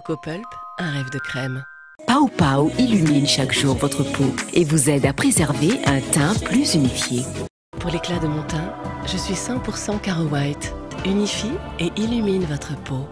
Coco Pulp, un rêve de crème. Pau Pau illumine chaque jour votre peau et vous aide à préserver un teint plus unifié. Pour l'éclat de mon teint, je suis 100% Caro White. Unifie et illumine votre peau.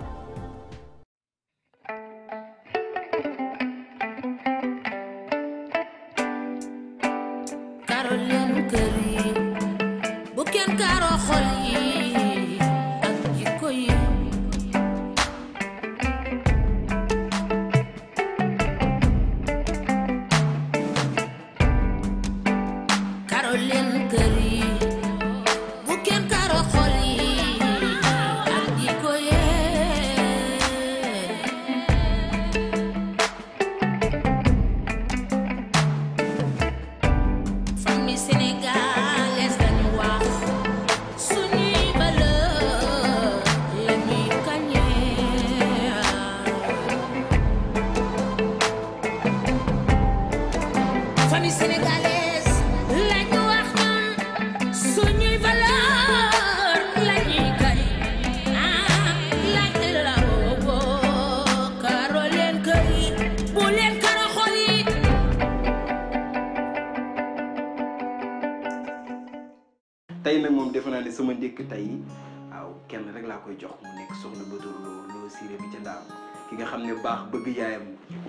xam ne baax bëgg yaayam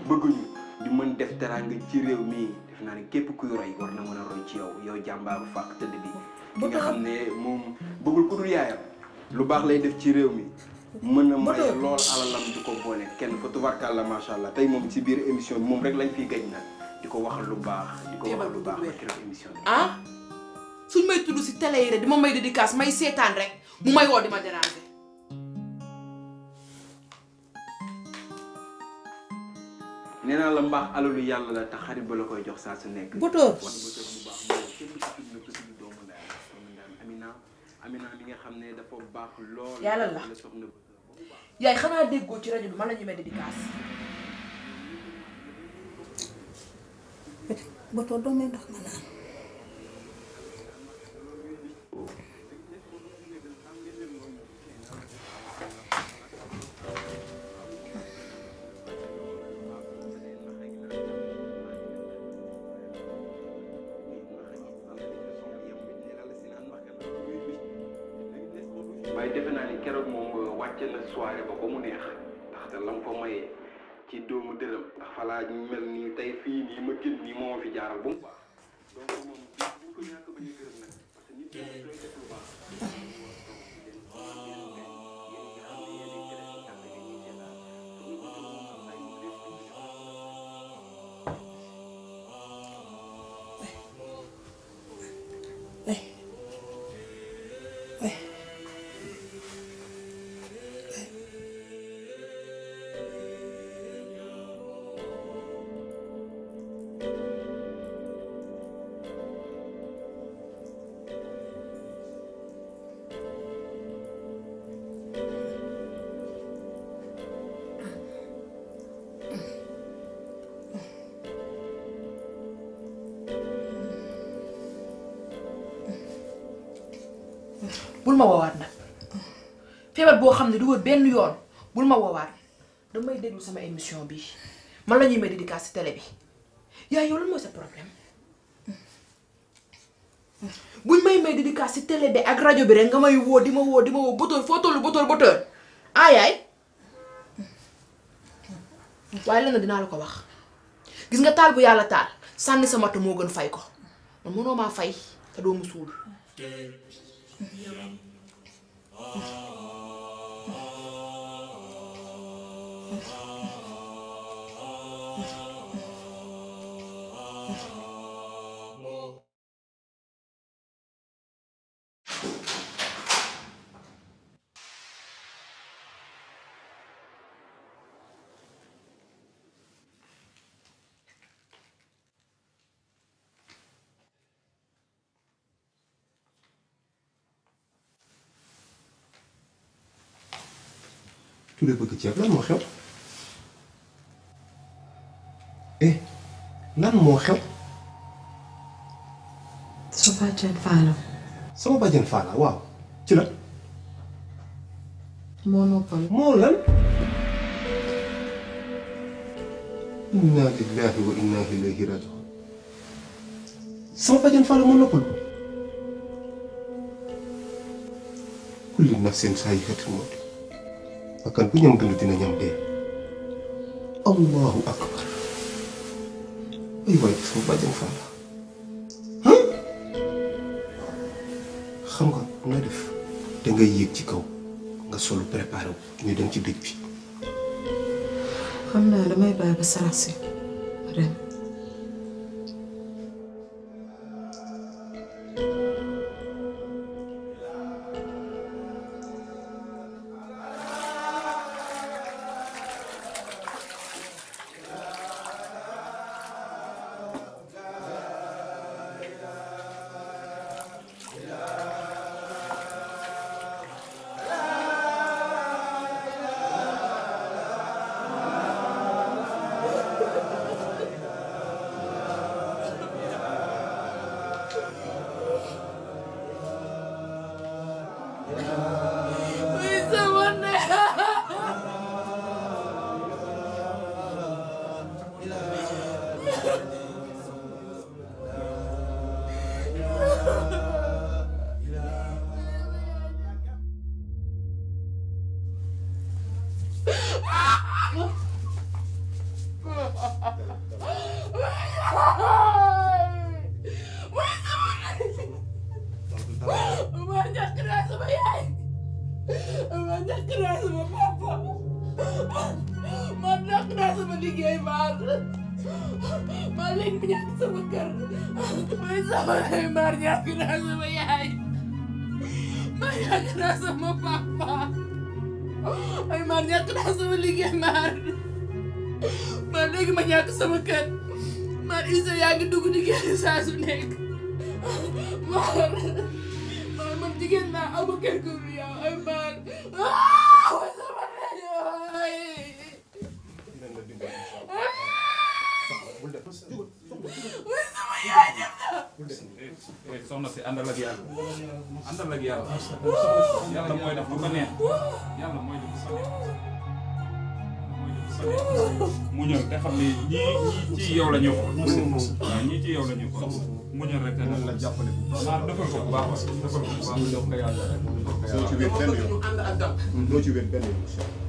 bëgguñu di mën def teraanga ci réew mi def naa ne képp kuy roy war na mën a roy ci yow yow jàmbaaru fàkk tëdd bi. ki nga xam ne moom bëggul ku dul yaayam lu baax lay def ci réew mi. mën a may lool alalam di ko boole kenn fa tubarkàlla macha allah tey moom ci biir émission moom rek lañ fi gañ nag di ko wax lu baax di ko waxal lu baax ba keroog émission bi. ah suñ may tudd si télé yi rek di ma may dédicace may seetaan rek mu may woo di nee naa la mbaax alalu yàlla la te xarit ba la koy jox saa su nekk. bu tóor bu Amina Amina mi nga xam ne dafa baax lool. yàlla la yaay xanaa déggoo ci rajo bi man la ñu mel dédicace. bu tóor doo may ndox ma naan. defe naa ni keroog moom wàcce na soirée ba ba mu neex ndaxte la nga ko mayee ci doomu dërëm ndax falaa mel nii tey fii nii ma gën nii moo fi jaaral ba mu baax bul ma wawat nak febar bo xamne du wër ben yoon bul ma wawat damay déglu sama émission bi man lañuy may dédicace télé bi ya yow lan mooy sa problème buñ may may dédicace télé bi ak radio bi rek nga may wo di ma wo di ma botol botoor foo botol botol ay ah, ay way la na dina la ko wax gis nga tal bu yalla tal sanni sa matt mo gën fay ko man mënoo maa fay te do musul Yeah. la bëgg ceeb lan moo xew eh lan moo xew. su bàjjen faala. sama bàjjen faala waaw ci la. moo noppal moo lan. inna lillahi wa inna ilayhi rajiun sama bàjjen faala moo noppal. kulli nafsin saa yi xetul moo bakkan bu ñam dund dina ñam dee allahu akbar ay waay sama bàjjan Falla xam nga nga def da yéeg ci kaw nga solu préparé wu ñu dem ci dëj bi xam naa damay bàyyi ba sarax si dem amul loo koy yàlla rek amul loo koy yàlla. doo ci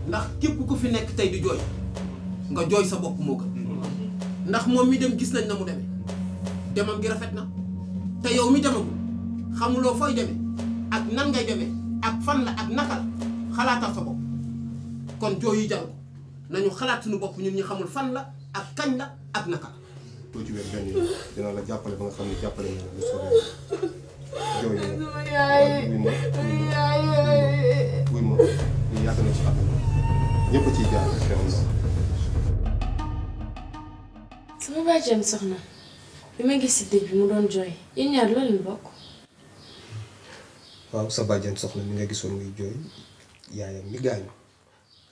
ndax képp ku fi nekk tey di jooy nga jooy sa bopp moo gën. ndax moom mi dem gis nañ na mu demee demam gi rafet na te yow mi demagul xamuloo fooy demee ak nan ngay demee ak fan la ak naka la xalaatal sa bopp kon jooy yi jar ko nañu xalaat suñu bopp ñun ñu xamul fan la ak kañ la ak naka la. doo ci wéet benn yoon dina la jàppale ba nga xam ne jàppale nga lu jooy ma wuy ma lii bi nga gisoon muy jooy gaañu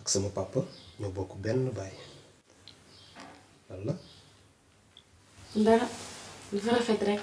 ak sama papa ñoo bokk benn bàyyi lan dafa rafet rek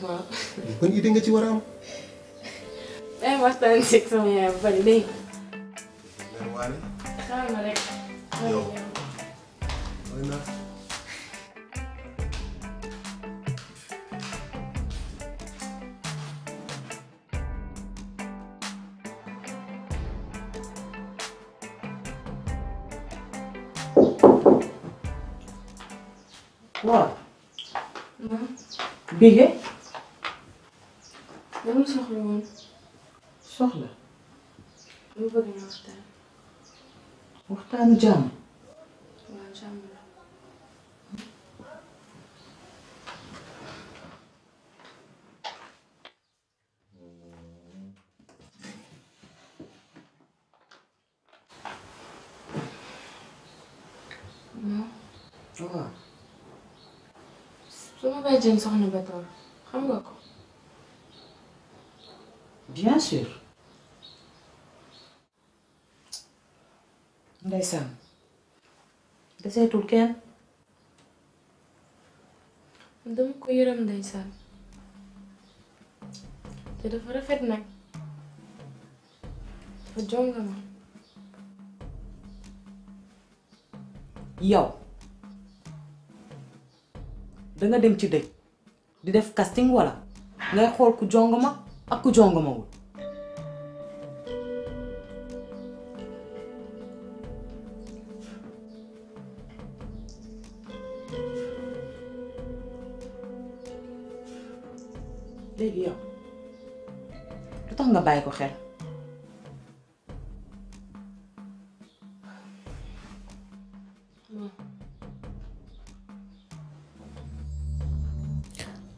When you idée nga ci war a am. day waxtaan si sama yaay bu bari dégg nga. waale. xaaral What? rek. yow. waaw. dama soxla woon. soxla. dama bëgg ñu waxtaan. waxtaanu jàmm. waaw jàmm la. waaw. sama bàjjen soxna Batoor xam nga ko. bien sûr ndeysaan deseetul kenn dama ko yërëm ndeysaan te dafa rafet nag dafa jongama yow danga dem ci dëj di def casting walla ngay xool ku jongama आपको जाऊंगा मांगू léegi yow lu tax nga bàyyi ko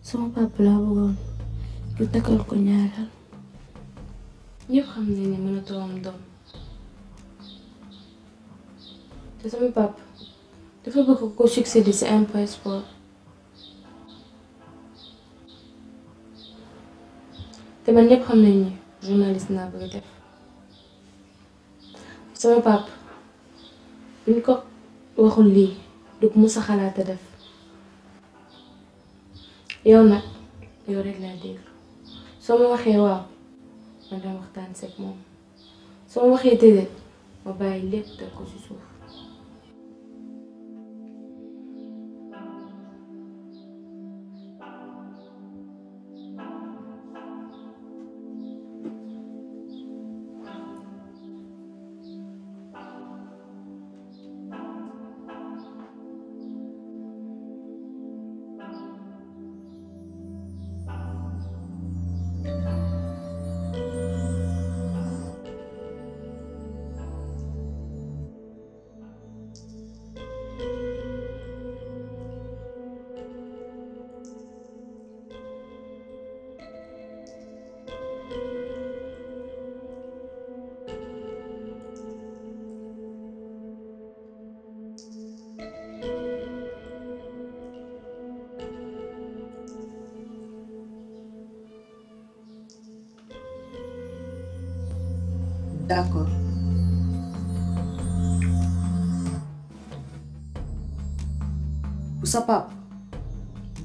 Sou sama papa laa ان تكون كنيالا نيوخم زيني منو توم دوم تسمي باب تفو بكو كو شكسي دي سي امبا اسبور تما نيوخم زيني جوناليس نابا دف تسمي باب بنكو وخل لي دوك موسى خلاتا دف يونا يوريك لا ديكو soo ma waxee waaw ma dem waxtaan seeg moom soo waxee déedéet ma bàyyi lépp teg ko ci suuf.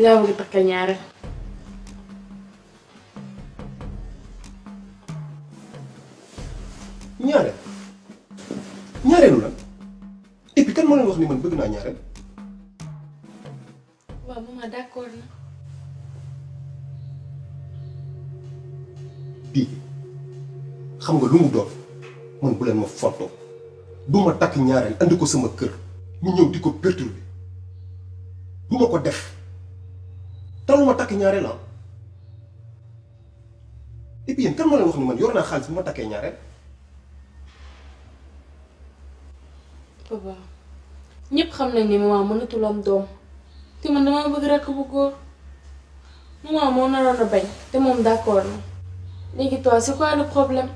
dinaa bëgg takka ñaare ñaareel ñaareelu lan et puis kan moo leen wax ni man bëgg naa ñaareel. waaw maman d'accord na. bii xam nga lu mu doon man bu leen ma fontoo du takk ñaareel andi ko sama kër mu ñëw di ko perturber du ma ko def. ñaareel ah et puis yéen ma wax ni man yor naa xaalis bu ma takkee ñaareel. papa ñëpp xam nañ ni maman mënatul am doom te man damaa bëgg rekk bu góor maman moo te moom d'accord na léegi toi c'est quoi le problème.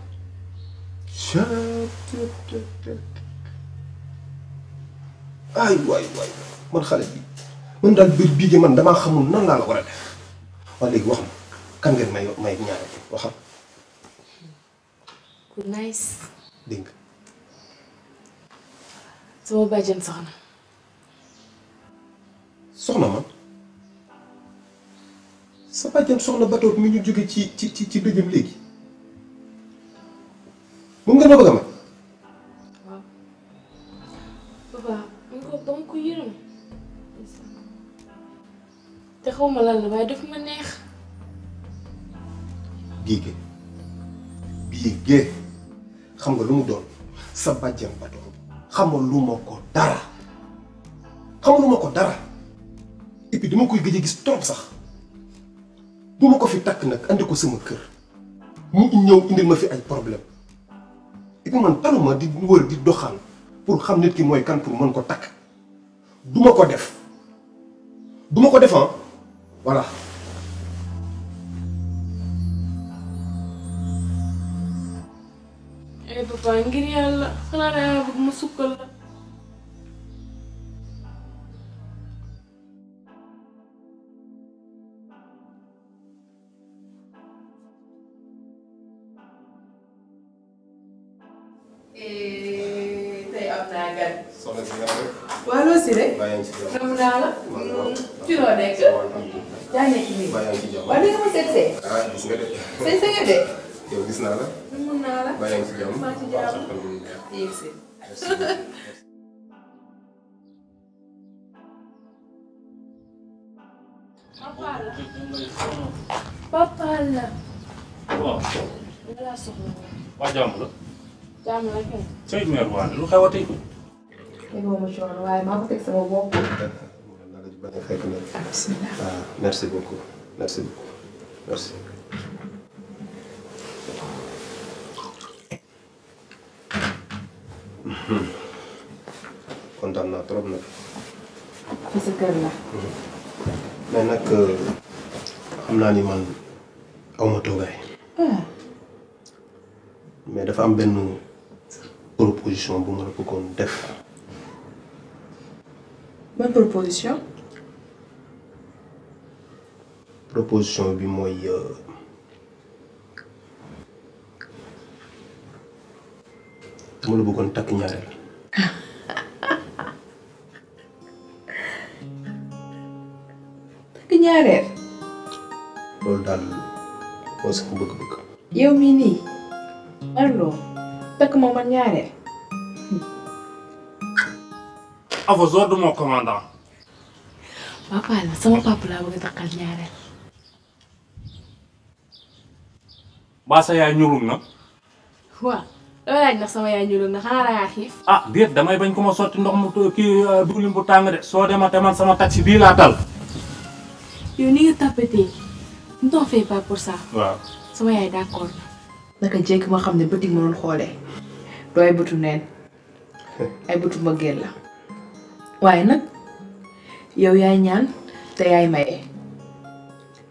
ay nan laa la war a def. waaw léegi wax ma kan ngeen may may ñaanal waxam. ku nice. dégg sama bàjjen soxna. soxna man sa bàjjen soxna batoot mi ñu jóge ci ci ci ci dëjëm léegi moom nga ma bëgg a xaw ma lan la waaye daf ma neex. biige biige xam nga lu mu doon sa bàjjen ba doon xamal lu ma dara xamal lu ma dara et puis dama koy gëj a gis trop sax bu ma ko fi takk nag andi ko sama kër mu ñëw indil ma fi ay problème et puis man taluma di wër di doxaan pour xam nit ki mooy kan pour mën ko takk duma ko def duma ko defan voilà eh papa ngir yàlla xanaa dangaa ma sukkal sëñ sa nga de. yow gis naa la. mun naa la maa ngi si jàmm maa ngi si jàmm waaw papa la. papa la. waaw. balaa soxla woon. waa jàmm la. jàmm la kay. Seydou Mère Wane lu xew a tey. déggoo ma coono waaye maa ko teg sama bopp. bisimilah. merci beaucoup merci beaucoup merci. kontaan naa trop nag. ci euh, nag xam naa ni man awma toogaay. Ah. dafa am benn proposition bu ma la bëggoon def. ban proposition. proposition bi mooy. Euh, dama la bëggoon takk ñaareel. takk ñaareel. loolu daal mooy sama bëgg-bëgg. yow mii nii Marlo takk ma man ñaareel. Awa Zor du ma commandant. papa la sama papa laa bëgg a takkal ñaareel. Ba sa yaay na. loolu ndax na xanaa dangaa xiif. ah déet damay bañ ko ma sotti ndox mu uh, kii uh, diwlin bu tàng de soo demate man sama taxi bii laa tal. yow ni nga tapetee ne t'en fais pas pour ça. sama yaay d'accord naka jékki ma xam ne bët yi ma doon xoolee. dooy bëtu neen ay bëtu mbëggeel la. waaye nag yow yaay ñaan te yaay maye.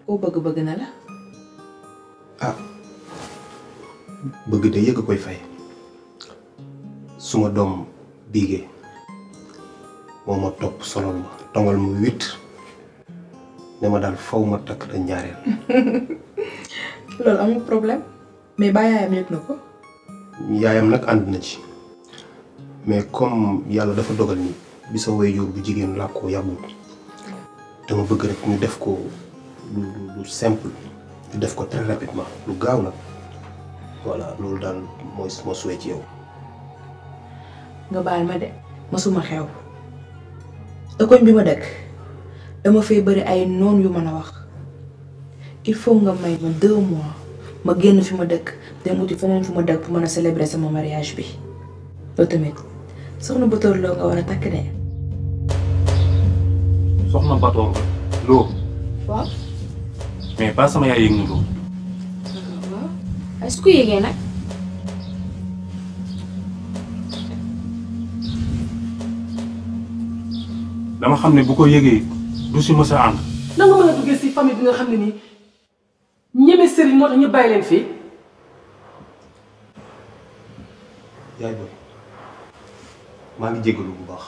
koo bëgg bëgg na la. ah bëgg de yëg koy fay. suma doom biige moo ma topp solol ma tongal mu wit ne daal faw ma takk dañ ñaareel loolu amul problème mais ba yaayam yëg na ko yaayam nag ànd na ci mais comme yàlla dafa dogal ni bi sa waajur bu jigéen làkkoo yàggul dama bëgg rek ñu def ko lu lu simple ñu def ko très rapidement lu gaaw nag voilà loolu daal mooy sama souhait ci yow nga baal ma de masuma xew koñ bi ma dëkk dama fay bari ay noon yu man a wax il faut nga may ma deux mois ma génn fi ma dëkk dem wuti feneen fi ma dëkk pour mën a célébrer sama mariage bi loolu tamit soxna Batoor loo nga war mais pas sama yaay yëg na loo. su ko yëgee nag. dama xam ne bu ko yëgee du si mës a ànd. na nga mën a duggee si famille bi nga xam ne nii ñeme sëriñ moo tax ñu bàyyi leen fii. yaay booy maa ngi jégalu bu baax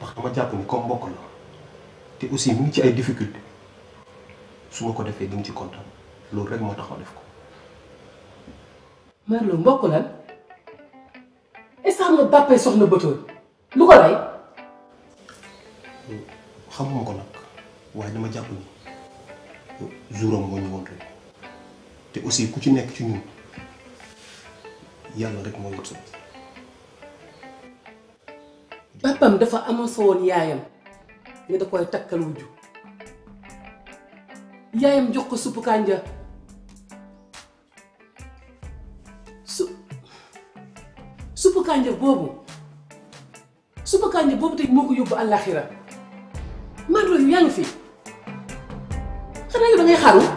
ndax dama jàpp ni comme mbokk la te aussi mu ngi ci ay difficulté su ma ko defee di ci kontaan loolu rek moo tax ma def ko. Marlo mbokk lan est-ce que soxna bëtoon lu ko lay. xamuma ko nag waaye dama jàpp ni jouram moo ñu woon rek te aussi ku ci nekk ci ñun yàlla rek moo yor sa dafa amoon sa yaayam koy takkal jox ko suppu kànja su suppu kànja boobu suppu kànja boobu tey moo ko yóbbu àllaaxira maandoo yu yaa fi xana yu da ngay xaru. yow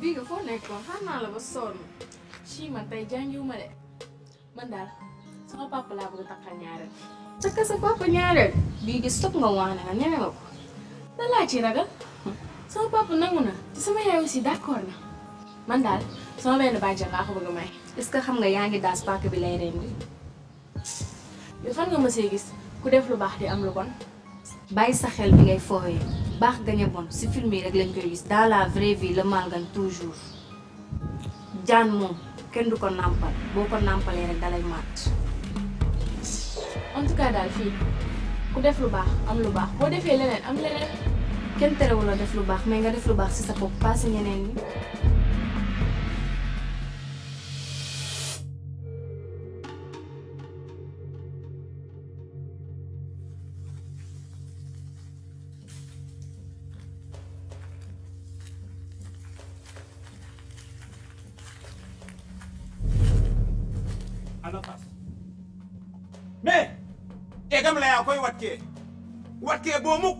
bi nga foo nekkoon xana la ba son ci man tey jàngiwuma de man dal sama papa la bëgg a takka ñaareel. takka sa papa ñaare bi gis soog nga wax ne nga ñeme nga ko. lan laa ciy ragal sama papa nangu na te sama yaay aussi d'accord na man daal sama benn bàjjan laa ko bëgg a may. est-ce que xam nga yaa ngi daas paaka bi lay rendi. yow fan nga mësee gis ku def lu baax di am lu bon. bàyyi sa xel bi ngay fooyee baax gañe bon si film yi rek lañ koy gis dans la vraie vie le mal gagne toujours. jaan moom kenn du ko nàmpal boo ko nàmpalee rek dalay màtt. en tout cas daal fii ku def lu baax am lu baax boo defee leneen am leneen. Ken terewul la def lu baax mais nga def lu baax ci sa pas ñeneen ñi mais temps. Il y a un peu de temps.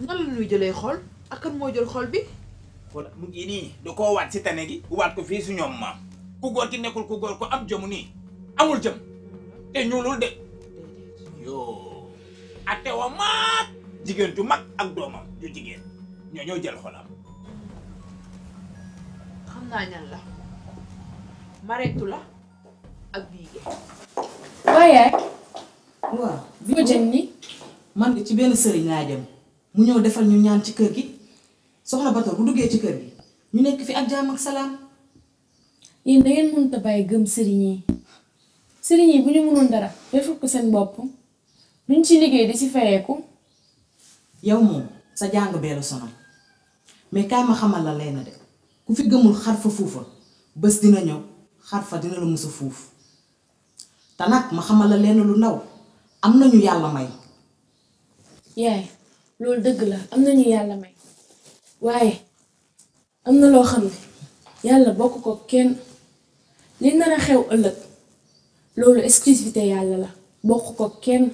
nan lañuy jëlé xol ak kan mo jël xol bi. xool mu ngi ni da ko wat si tane gi. wat ko fi su ñom ma ku gor ki nekkul ku gor ko am jëm ni amul jëm te ñuulul de. yo. até wa ma jigen tu mak ak domam ju jigen ñoo ñoo jël xolam. xam na ñan la mareetu la ak bi gi. waye wa bu jëm ni man ci benn sëriñ laa jëm. mu ñëw defal ñu ñaan ci kër gi soxna Bator bu duggee ci kër gi ñu nekk fi ak jaam ak salaam. yéen da ngeen mënut bàyyi gëm sëriñ yi sëriñ yi bu ñu mënoon dara defal ko seen bopp duñ ci liggéey di ci fayeeku. yow moom sa jàng bee la sonal mais kaay ma xamal la lay de ku fi gëmul xar fa fuufa bés dina ñëw xar fa dina la mës fuuf te nag ma xamal la leen lu ndaw am nañu yàlla may. loolu dëgg la am na ñu yàlla may waaye am na loo xam ne yàlla bokk ko kenn li nar a xew ëllëg loolu exclusivité yàlla la bokk ko kenn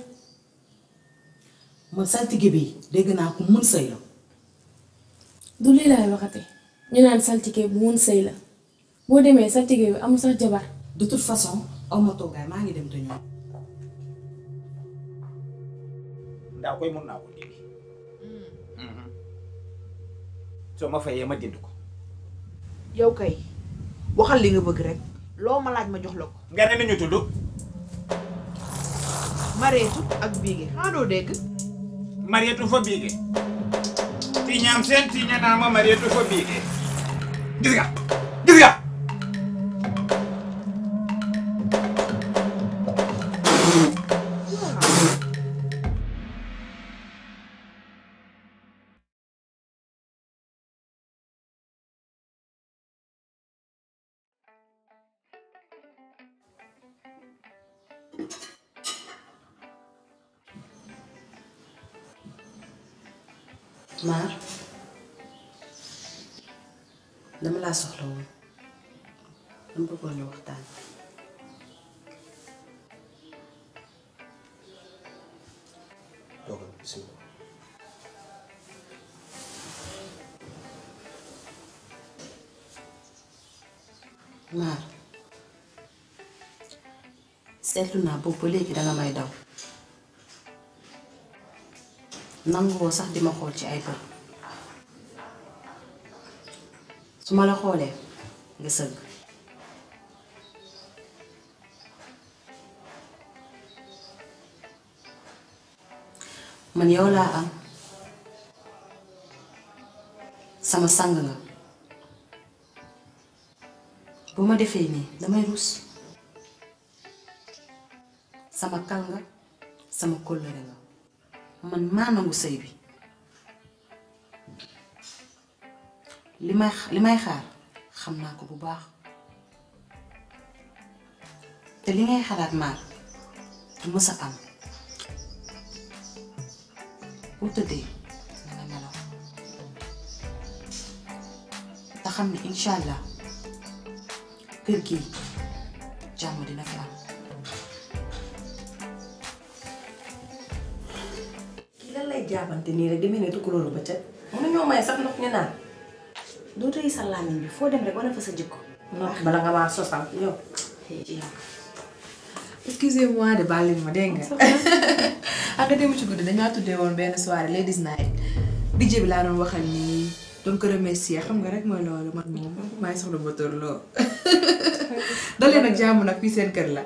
man saltige bi dégg naa ko mun sëy la du lii laay waxate ñu naan saltige bu mun sëy la boo demee saltige bi am sax jabar de toute façon aw ma toogaay maa ngi dem te ñoom soo ma fayee ma jënd ko. yow kay waxal li nga bëgg rek loo ma laaj ma jox la ko. nga ne ni ñu tudd. Marietu ak Biége xanaa dégg. Marietu fa Biége. tiñaam seen tiña naa ma Marietu fa Biége. gis seetlu naa boobu ba léegi danga may daw nanguwoo sax di ma xool ci ay bët su ma la xoolee nga sëgg man yow laa am sama sang nga bu ma defee nii damay rus sama kal nga sama kóllëre nga man maa nangu sëy bi li may xaar xam naa ko bu baax te li ngay xalaat maar du mës a am boo tëddee na nga nelaw te xam ne incha kër gii jàmm dina fi jaabante nii rek di mel ne tukkulóoru bëccëg mënuñoo may sax ndox ñu naan. doo tëye sa bi foo dem rek wane fa sa jikko. ndox bala nga maa sosal yow. excusez-moi de baal ma dégg nga. dem ci guddi dañoo tuddee woon benn soirée ladies night DJ bi laa doon waxal nii doon ko remercier xam nga rek mooy loolu man moom maa ngi soxla no tóor lool. dalee nag jàmm nag fii seen kër la.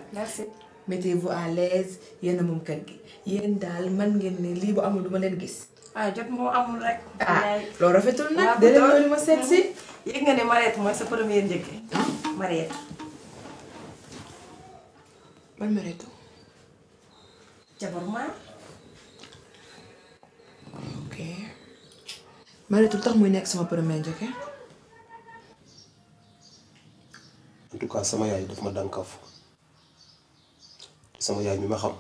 mettez-vous à l'aise yéen a moom kër gi yéen daal man ngeen lii bu amul duma ma leen gis. ah jot moo amul rek. ah rafetul nag. délai loolu ma seet si. Mhm. yëg nga ne Mariette mooy sa première njëkk. Ah. Mariette. man tax muy nekk sama première njëkk. en tout cas sama yaay daf ma dànkaafu. sama yaay mi ma xam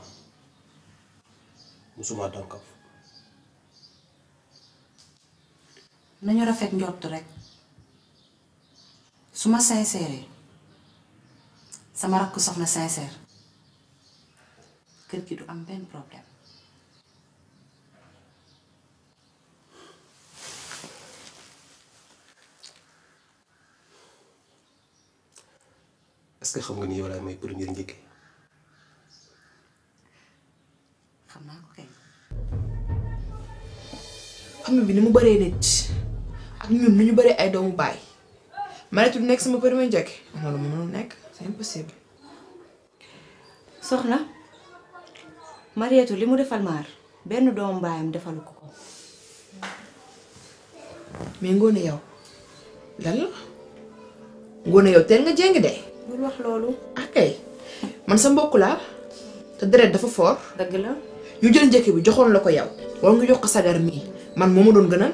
musuma dànkam nañu rafet njort rek su ma sincère sama rakk soxna sincère kër gi du am benn problème est que xam nga ni yow laay may premier njëkk xam naa ko kay. famille bi ni mu bëree nit ak ñun ni ñu bëree ay doomu baay manetu nekk sama premier njëkk loolu mënul nekk c'est impossible. soxna Mariétu li mu defal maar benn doomu baayam defalu ko ko. mais Ngone yow lan la Ngone yow teel nga jéngi de. bul wax loolu. ah man sa mbokk laa te deret dafa fort. dagg la. yu jël njëkk bi joxon la ko yow war nga jox ko sagar mi man moo ma doon gënal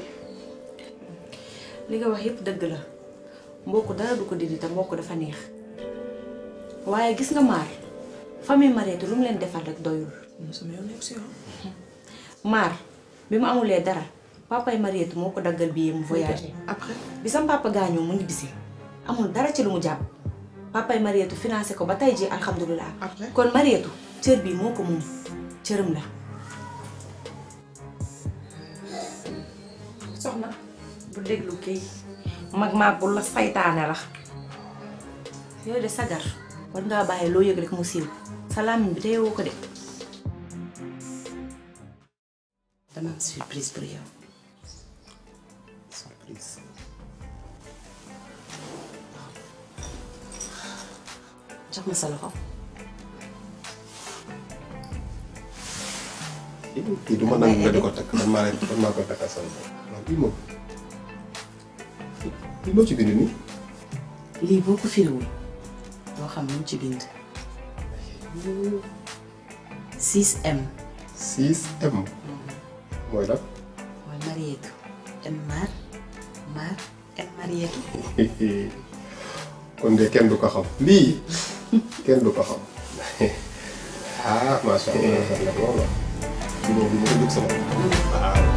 li nga wax yépp dëgg la mbokk dara du ko dindi ta mbokk dafa neex waaye gis nga maar famille Mariette lu mu leen defal rek doyul maar bi mu amulee dara yi Mariette moo ko daggal bi mu voyagé après bi sam papa gaañoo mu ngi bisi amul dara ci lu mu jàpp papay Mariette financé ko ba tay ji alhamdulilah kon Mariette cër bi moo ko moom cërëm la soxna bu déglu kii mag maag bu la saytaane la yooyu de sagar war ngaa bàyyi loo yëg rek mu siiw salaamin bi tey woo ko de surprise surprise jox sa loxo kii du ma nangu nga ko takk man maa lii moo ci bind ko firiwul doo xam lu ci bind. 6M. 6M. mooy lan. mooy Marietu kon de kenn du ko xam lii kenn du ko xam ah macha allah. この動力様。うんあ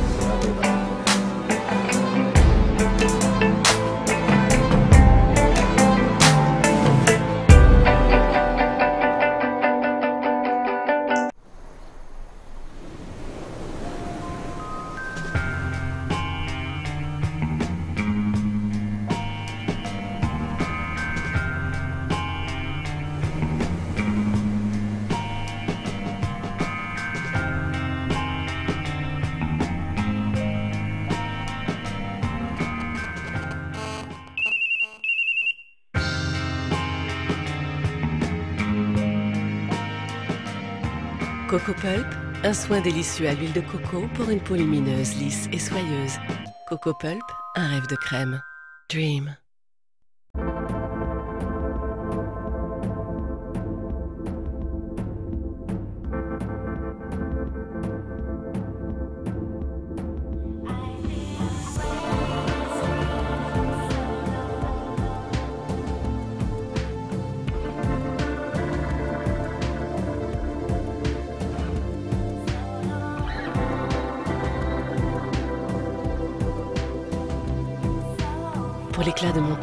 Un soin délicieux à l'huile de coco pour une peau lumineuse, lisse et soyeuse. Coco Pulp, un rêve de crème. Dream.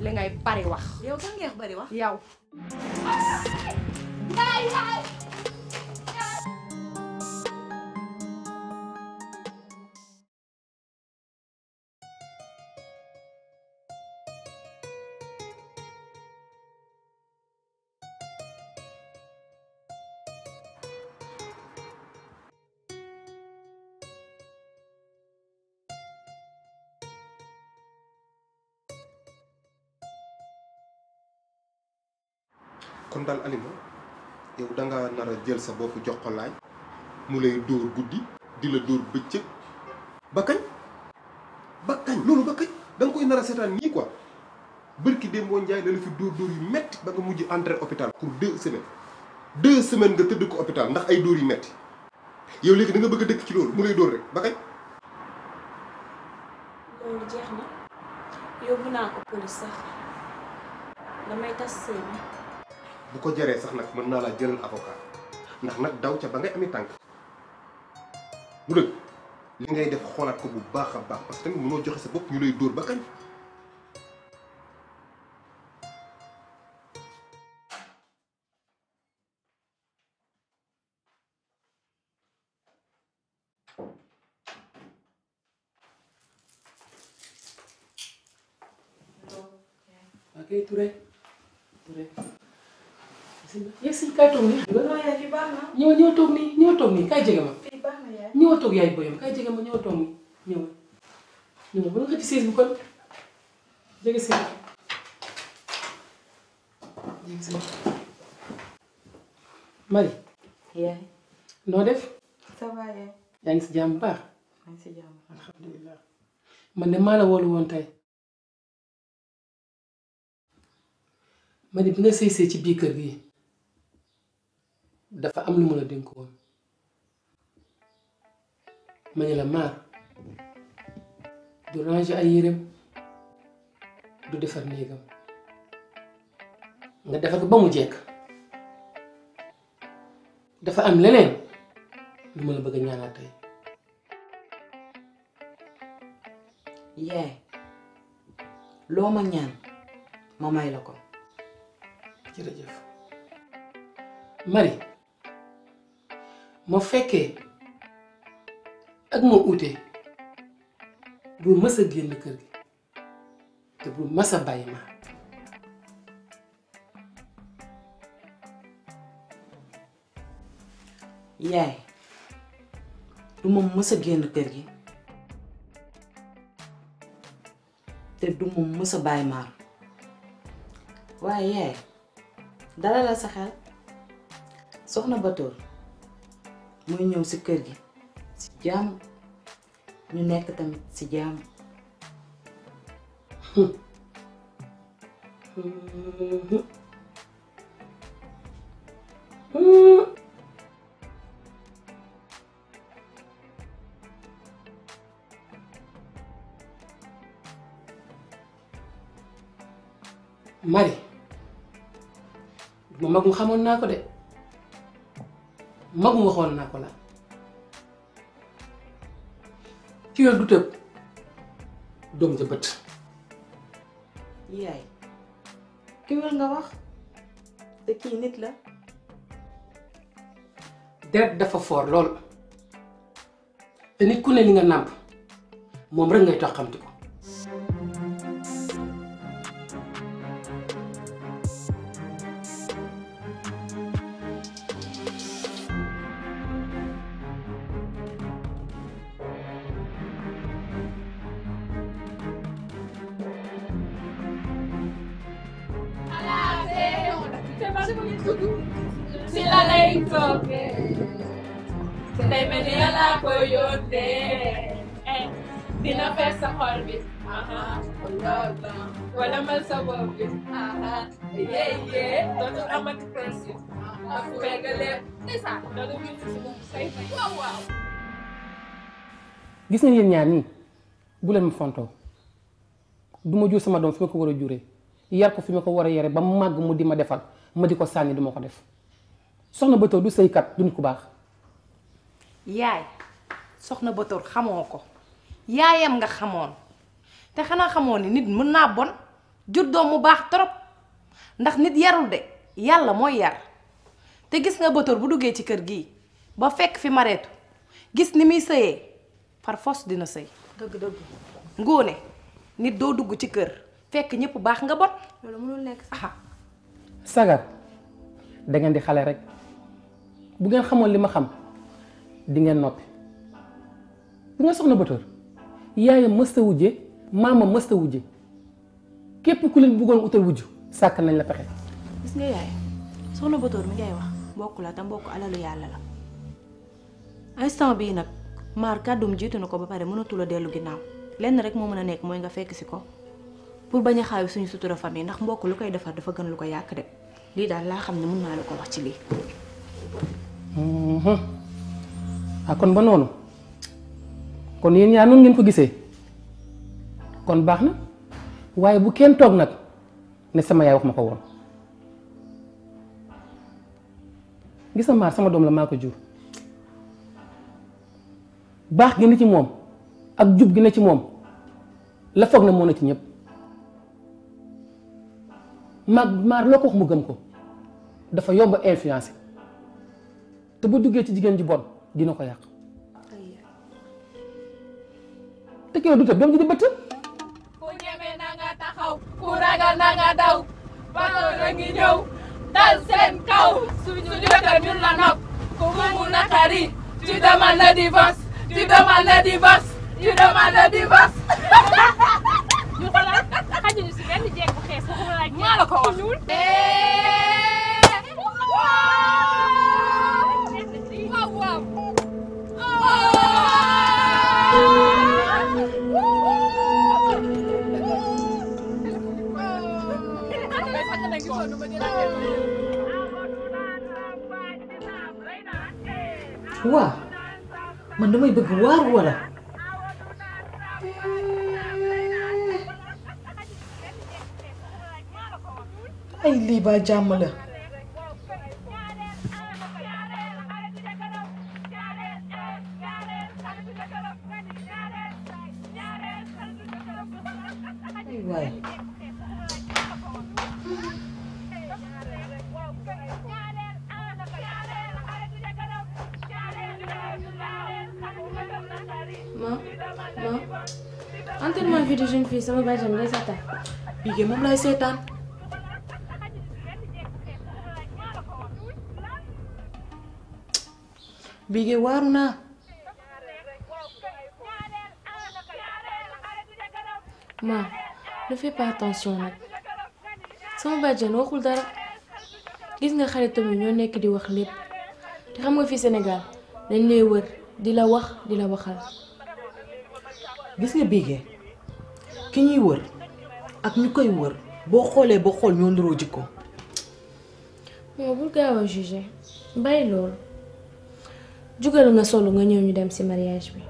li ngay bari wax. yow kan ngeex bari wax. yow. daal Alima yow da ngaa nar a jël sa bopp jox ko mu lay dóor guddi di la dóor bëccëg ba kañ ba kañ loolu ba kañ da koy nar a seetaan nii quoi bërki démb boo njaay la la fi dóor dóor yu metti ba nga mujj entrer hôpital pour deux semaines deux semaines nga tëdd ko hôpital ndax ay dóor yu metti yow léegi danga bëgg a dëkk ci loolu mu lay dóor rek ba kañ loolu jeex na yóbbu naa ko police sax damay tas sëy bu ko jaree sax nak mën naa laa jëlal avocat ndax nak daw ca ba ngay ami tank bu deug li ngay def xolat ko bu baax baax parce que tamit mënoo joxe sa bop ñu lay door ba kañ Oke, deh. toog nii. ñëw ñëw toog nii ñëw toog nii kay jege ma. ñëw toog yaay booyam kay jege ma ñëw toog nii ñëw. ñëw bu nga ci siis bi kon jege siis jege siis Marie. yaay. noo def. ça va yaay. yaa ngi si jàmm bu baax. yaa ngi si jàmm alhamdulilah. man de maa la woolu woon tey. Marie bi nga sëy sëy ci biir kër gi. dafa am lu mëna la dénk woon ma ne la maar du range ay yérem du defar néegam nga defar ko ba mu jekk dafa am leneen lu mëna la bëgg ñaanal tey yaay loo ma ñaan ma may la ko jërëjëf Marie ma fekkee ak ma utee bul mës génn kër gi te bul mës bàyyi ma yaay du ma mës génn kër gi te du ma mës a bàyyi maar waaye yaay dara la sa soxna Batoor muy ñëw si kër gi si jàmm ñu nekk tamit si jàmm Marie ma mag mu xamoon naa ko de magum waxoon naa ko la ki yoon du tëb doom ja bët yaay ki yoon nga wax te kii nit la deret dafa foor lool te nit ku ne li nga nàmp moom rek ngay toqamti ko gis ngeen yéen ñaar ni bu leen ma fontoo du ma sama doom fi ma ko wara juuré yar ko fi ma ko war yare ba mag mu di ma defal ma di ko sànni du ma ko def soxna Batoor du sey kat duñ ko bax yaay soxna Batoor xamoo ko yaayam nga xamone te xana xamone nit mën naa bon jur doom mu baax ndax nit yarul de yalla moy yar te gis nga botor bu duggé ci kër gi ba fekk fi marétu gis ni mi seyé par force dina sey dëgg dëgg ngone nit do dugg ci kër fekk ñëpp baax nga bot loolu mënul nekk aha sagar da ngeen di xalé rek bu ngeen xamone lima xam di ngeen noppi bu nga soxna botor yaayam mësta wujé mama mësta wujé képp ku leen bëggoon utal wujju sak nañ la pexé gis nga yaay soxna botor mi ngay wax mbokk la te mbokk alalu yàlla la instant bii nag maar kàddum jiitu na ko ba pare mënatula dellu ginnaaw lenn rek moo mën a nekk mooy nga fekk si ko pour bañ a xaawi suñu sutura famille ndax mbokk lu koy defar dafa gën lu ko yàq de lii daal laa xam ne mën naa la ko wax ci lii mhm. ah kon ba noonu kon yéen ñaar noonu ngeen ko gisee kon baax na waaye bu kenn toog nag ne sama yaay wax ma ko woon gis na mar sama dom la mako ko jur baax gi ne ci mom ak jub gi ne ci mom la foog na mo na ci ñep mag mar loo ko wax mu gëm ko dafa yomb influencer te bu duggé ci jigen ji bon dina ko yàq te kii du tëb doom ji di bëtt ku ñeme na nga taxaw ku ragal na nga daw ba la ngi ñëw dal seen kaw suñu jëkkër ñun la nopp ku mu naqari tu demandes le divorce tu demandes le divorce tu demandes le divorce. ñu xoolal xajuñu si benn bu xees waxuma la ak maa waa man damay bëgg waaru wala ay lii ba jàmm la seetaan bige waaru naa ma ne fais attention nag sama bàjjan waxul dara gis nga xaritam yi ñoo nekk di wax lépp te xam fi Sénégal dañ lay wër di la wax di la waxal gis nga bige ki ñuy wër ak ñu koy wër boo xoolee boo xool ñoo nuroo jikko yow bul gaaw a jugé bàyyi loolu jugal nga solo nga ñëw ñu dem ci mariage bi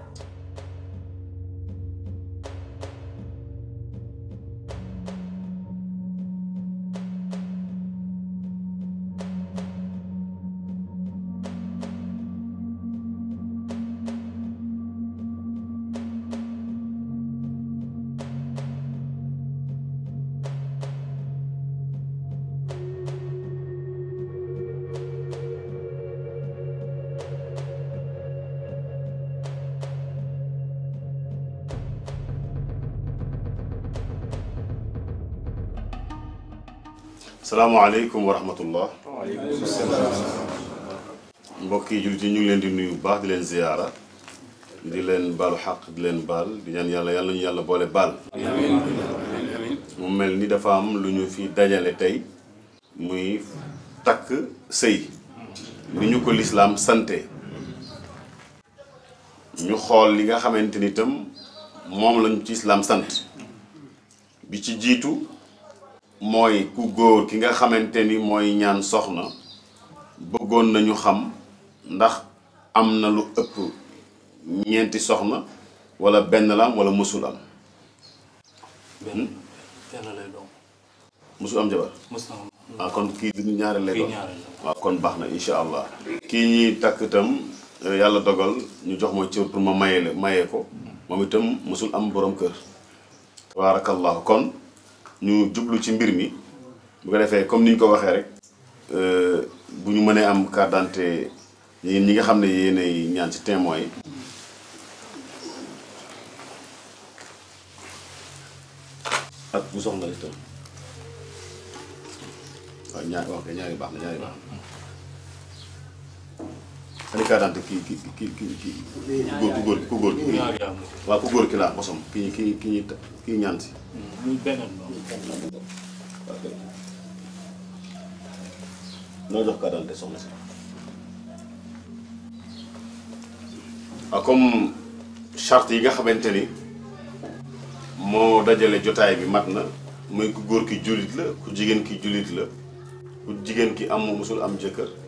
السلام عليكم ورحمة الله. مبكي جلتي نيو لين دي نيو باه دي لين زيارة دي لين بال حق دي لين بال دي نيان يالا يالا يالا بولي بال ممل ني دفا ام لو نيو في داجال تاي موي تاك سي ني نيو كو الاسلام سانتي ني خول ليغا خامتيني تام موم لا نيو تي الاسلام سانت بي تي جيتو mooy ku góor ki nga xamante ni mooy ñaan soxna bëggoon nañu xam ndax am na lu ëpp ñeenti soxna wala benn la am wala mësul am. benn hmm? benn mësul am jabar. mësul am waaw ah, kon kii du ñaari lay doon waaw ah, kon baax na incha allah. kii ñuy takk itam eh, yàlla dogal ñu jox ma cër pour ma maye mayee ko hmm. moom itam mësul am boroom kër. tabaarakallahu kon. ñu jublu ci mbir mi bu defee comme ni ñu ko waxee rek euh, bu ñu mënee am carte d'identité ñi nga xam ne yéenay ñaan ci témoin yi. ak bu soxna li tam waaw ñaar wax ñaari baax na ñaari baax na. ani kaatante ki ki ki ki ki ku góor ku góor ki waaw ku góor ki laa bosom ki ñaan si noo jox kaatante soxna ah, comme charte yi nga xamante ni moo dajale jotaay bi mat na muy ku góor ki jullit la ku jigéen ki jullit la ku jigéen ki am musul am jëkkër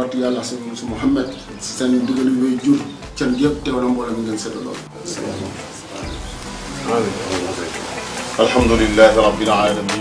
faratu yàlla seen musu Muhammad seen digal yu may jur can yëpp teew na mbooloo mi ngeen seetaloo. alhamdulilah rabbil alamin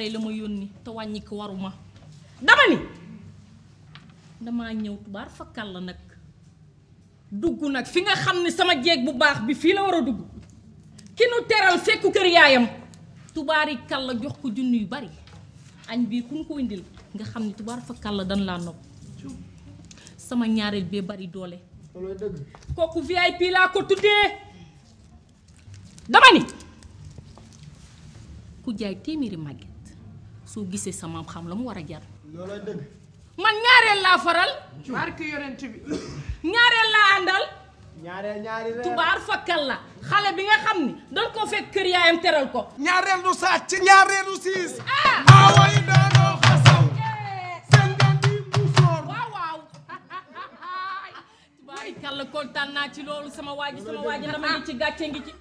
ñaaree la ma yónni te wàññi ko waruma dama ni damaa ñëw tubaar fakkal la nag dugg nag fi nga xam ne sama jeeg bu baax bi fii la war a dugg ki nu teral fekku kër yaayam tubaari kàlla jox ko junni yu bari añ bii ku ñu ko indil nga xam ne tubaar fa kàlla dan laa nopp sama ñaareel bee bari doole kooku VIP laa ko tuddee dama ni ku jaay téeméeri màgg soo gisee sa maam xam la mu war a jar. loolay man ñaareel laa faral. ñaareel laa àndal. tubaar fakkal la xale bi nga xam ni dañ ko fekk kër yaayam teral ko. ñaareel du sàcc ñaareel siis. ah daanoo xasaw. seen ngeen di musoor. waaw waaw. tubaar kontaan naa ci loolu sama waa ji sama waa dama ngi ci gàcce ngi ci.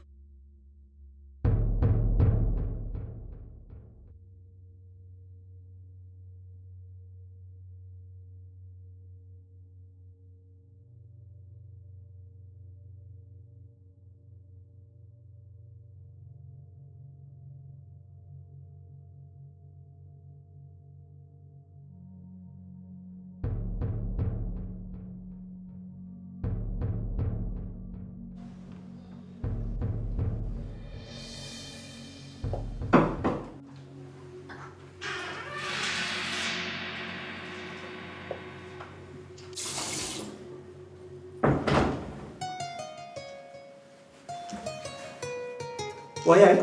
waaye yaay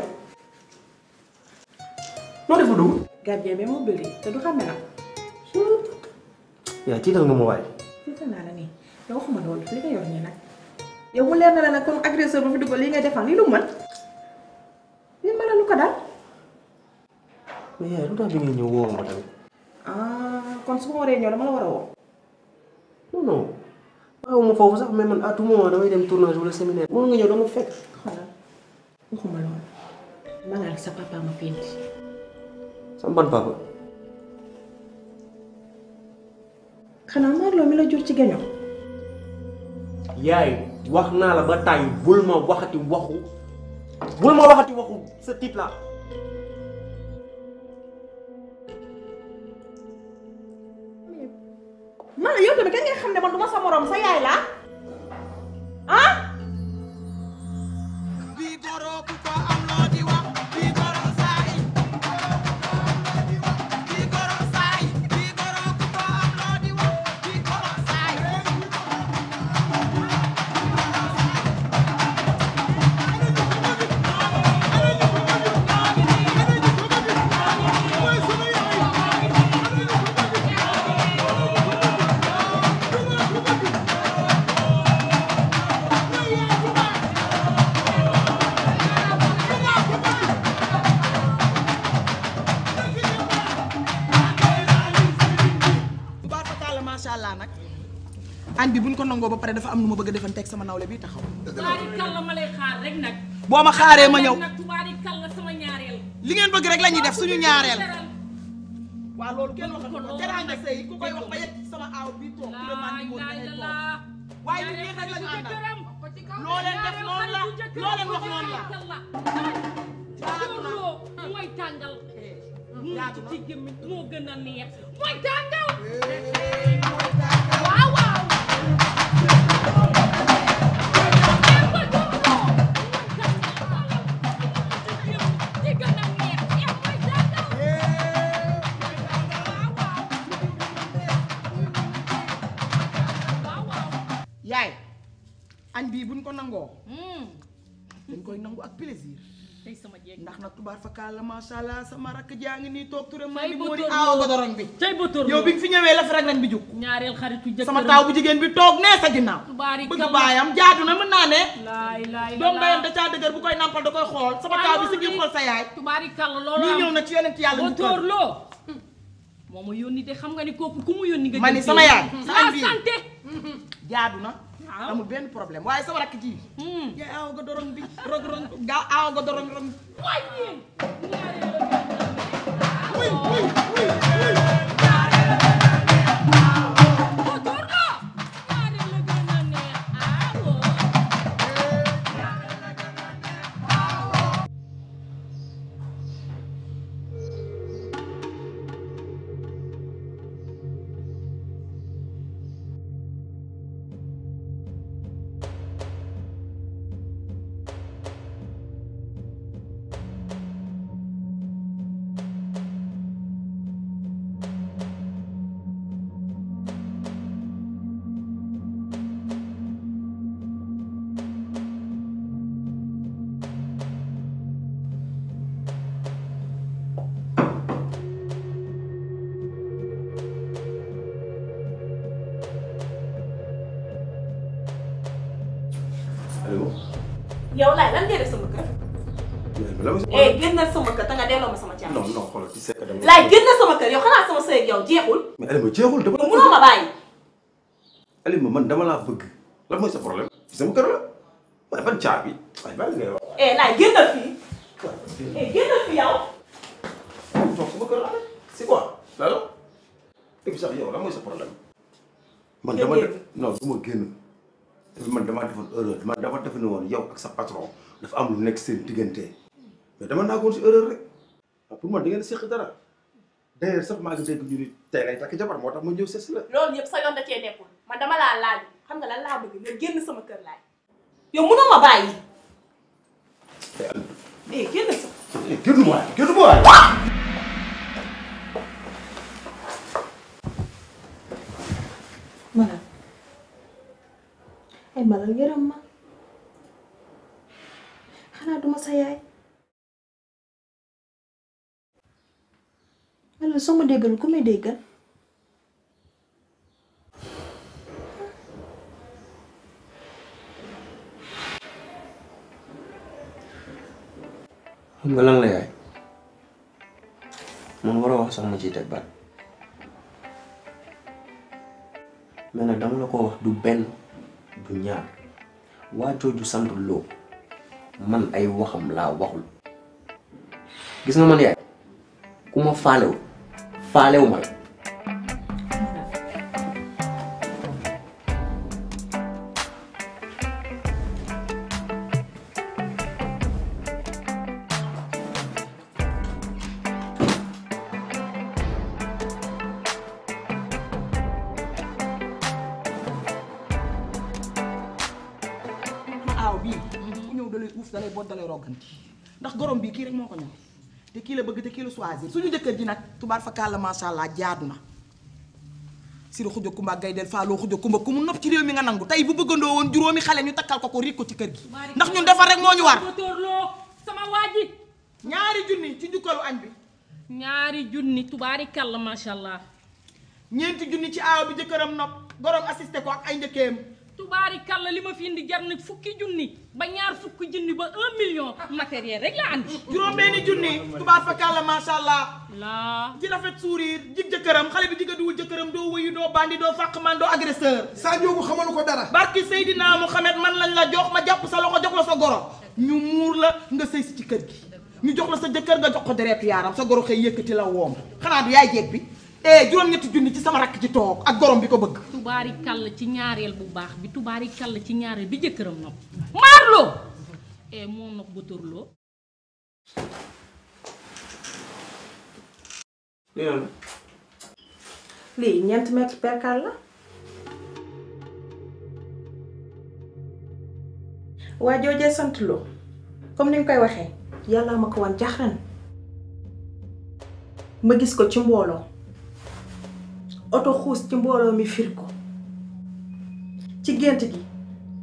noo def ba dugg. gardien bi moo bëri te du xàmme nag. yaa tiital nga ma waay. tiital naa la nii li yow mu leer na la nag ngay defal lii lu mën lii tax bi nga ñëw woo ma tamit. kon su ma waree ñëw dama la war a woo. Ah, non waaw ma foofu sax mais man à tout moment damay dem tournage wala séminaire. moom nga ñëw dama fekk. waxuma loolu maa ngi ak sa papa ma fi indi. sama ban papa. xanaa Marlo mi la jur ci gànnaaw. yaay wax naa la ba tàyyi bul ma waxati waxu bul ma waxati waxu sa tiit la man yow tamit kañ nga xam ne man du sa morom sa yaay laa Doroko kwa nangoo ba pare dafa am lu ma bëgg a tek sama nawle bi taxaw. bari kal la malay xaar rek nag. boo ma xaaree ma la sama ñaareel. li ngeen bëgg rek lañuy def suñu ñaareel. wa loolu kenn wax ko loolu teraanga sëy ku koy wax ba yegg sama aaw bi tok ku la mandi mo dañuy ko waaye ñu neex rek lañu ñu àndal leen def non la loo leen wax non la. mooy tàngal. Eh, yaatu ci gémmiñ moo gën a neex mooy tàngal. Eh, mooy tàngal. ko nangoo hmm. dañ koy nangu ak plaisir tey sama jeeg ndax nag tubaar fa kaala macha allah sama rakk jaa ngi nii toog ma ni moo di aaw ko bi tey ba tóor yow bi fi la fi rek lañ bi jug ñaareel xaritu jëkkër sama taaw bu jigéen bi toog nee sa ginnaaw bëgg baayam jaadu na mën naa ne laay laay doom bayam da caa dëgër bu koy nampal da koy sama taaw bi si sa yaay ñu na ci yonent hmm. de xam nga ni nga sama yaay sa santé amul benn problème waaye sama rakk ji. Hmm. yaay awa nga dorong bi rog rog gaa awa nga dorong rog. waaye. allo. yow laay lan ngay def sama kër. eh génnal sama kër te nga delloo ma sama caabi. non non xoolal ci sekk dama. laay génnal sama kër yow xanaa sama sëy ak yow jeexul. mais Alima jeexul dama la. munoo ma bàyyi. Alima man dama laa bëgg lan mooy sa problème sama kër la waaye ban caabi waaye bàyyi ngay wax. eh laay génnal fii. eh génnal fii yow. toog sama kër la c'est quoi la la et puis sax yow lan mooy sa problème. man dama de non du ma génn. dafa man damaa defoon erreur man dafa defe ne woon yow ak sa patron daf am lu nekk seen diggante mais dama naa ko ci erreur rek ah, pour man da ngeen séq dara d'ailleurs sax maa ngi dégg ñu ni tey lay takk jabar moo tax ma ñëw sës la. loolu yëpp sa yoon da cee nekkul man dama laa laaj xam nga lan laa bëgg nga génn sama kër laaj yow mënoo ma bàyyi. eh génn sa. génn mu eh, waay génn mu waay. balgalgiramma kanaduma sayai kan mala soma sa kume degal ya, Galang le ay. Ya. Mun wara wax sama ci tebbat. Mais nag dama la ko wax du benn du ñaar waa jooju sant loo man ay waxam la waxul gis nga man yaay ku ma faalewu faalewu ma la kii lu suñu jëkkër ji nag tubaar fa kàlla macha allah jaadu na siro xujo kumba gay del faaloo xujo kumba ku mu nopp ci réew mi nga nangu tey bu bëggandoo woon juróomi xale ñu takkal ko ko riig ko ci kër gi ndax ñun defar rek moo ñu war sama waa ji ñaari junni ci jukkalu añ bi ñaari junni tubaari kàlla macha allah ñeenti junni ci aaw bi jëkkëram nopp gorom assisté ko ak ay njëkkeem tubaari kàlla li ma fi indi jar na fukki junni ba ñaar fukki junni ba un million matériel rek la andi. juróom-benni junni tubaar fa kàlla macha allah. laa la rafet sourire jig jëkkëram xale bi jigéenduwul jëkkëram doo wëyu doo bandi doo fàqman doo agresseur. Sadio bu xamalu ko dara. barki Seydina Mouhamed man lañ la jox ma jàpp sa loxo jox la sa goro. ñu muur la nga sëy si ci kër gi. ñu jox la sa jëkkër nga jox ko deretu yaaram sa goro xëy yëkkati la woom xanaa du yaay jeeg bi eh juróom-ñetti ci sama rakk ci toog ak gorom bi ko bëgg tubaari kàll ci ñaareel bu baax bi kàll ci ñaareel bi jëkkëram nopp maarloo e eh, moo nopp lii ñeenti mètre per la waa joojee sant loo comme ni nga koy waxee yàlla ma ko wan jaxran ma gis ko ci mbooloo oto xuus ci mbooloo mi fir ko ci gént gi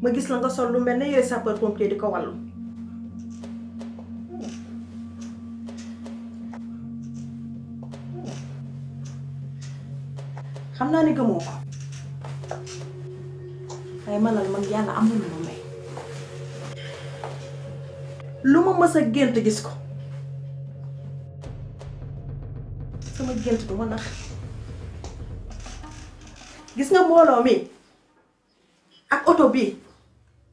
ma gis la nga sol lu mel ni yére sapeur pompier di ko wàllu xam naa ne gëmoo ko waaye manal man yàlla am na lu ma may lu ma mës gént gis ko sama gént du ma nax gis nga mbooloo mi ak oto bi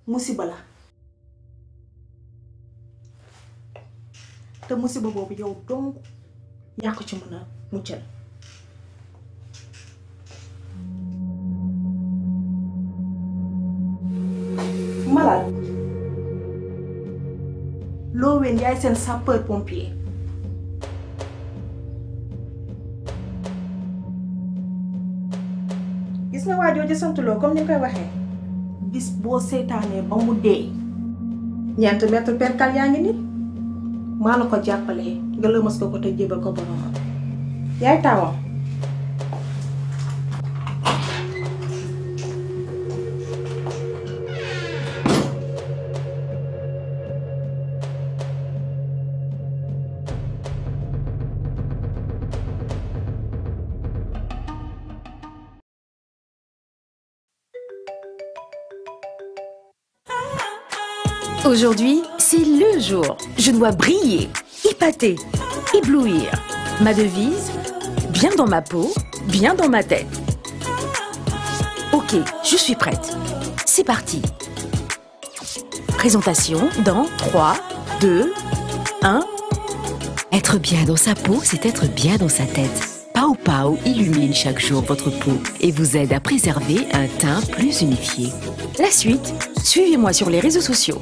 musiba la te musiba boobu yow donc yaa ko ci mën a muccal malal loo ween yaay seen sapeur pompier gis nga waajoo ja santuloo comme ni koy waxee bis boo seetaanee ba mu dee ñeent mètre perkal yaa ngi ni maa la ko jàppalee nga lëmas ko ko te jébal ko borom yaay taawam Aujourd'hui, c'est le jour. Je dois briller, épater, éblouir. Ma devise Bien dans ma peau, bien dans ma tête. Ok, je suis prête. C'est parti. Présentation dans 3, 2, 1. Être bien dans sa peau, c'est être bien dans sa tête. Pau-Pau illumine chaque jour votre peau et vous aide à préserver un teint plus unifié. La suite, suivez-moi sur les réseaux sociaux.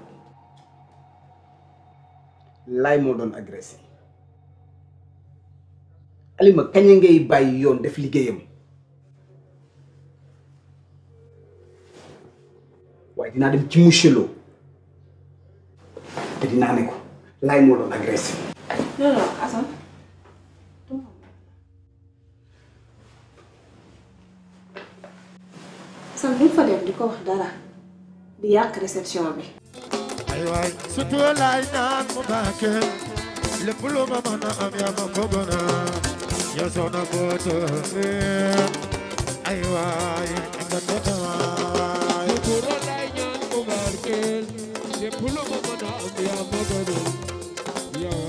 laay moo doon agressé alima kañ ngay bàyyi yoon def liggéeyam waaye dinaa dem ci monsieur Lo te dinaa ne ko laay moo doon agressé. non non Assane fa dem di ko dara di yàq réception bi. ay waay surtout laay naan mu bàkke lépp lu ma mën a am yaa ma ko gën a yow soxna Bouta ay waay am na doota waay surtout laay naan mu bàkke lépp lu ma mën a am yaa ma a yow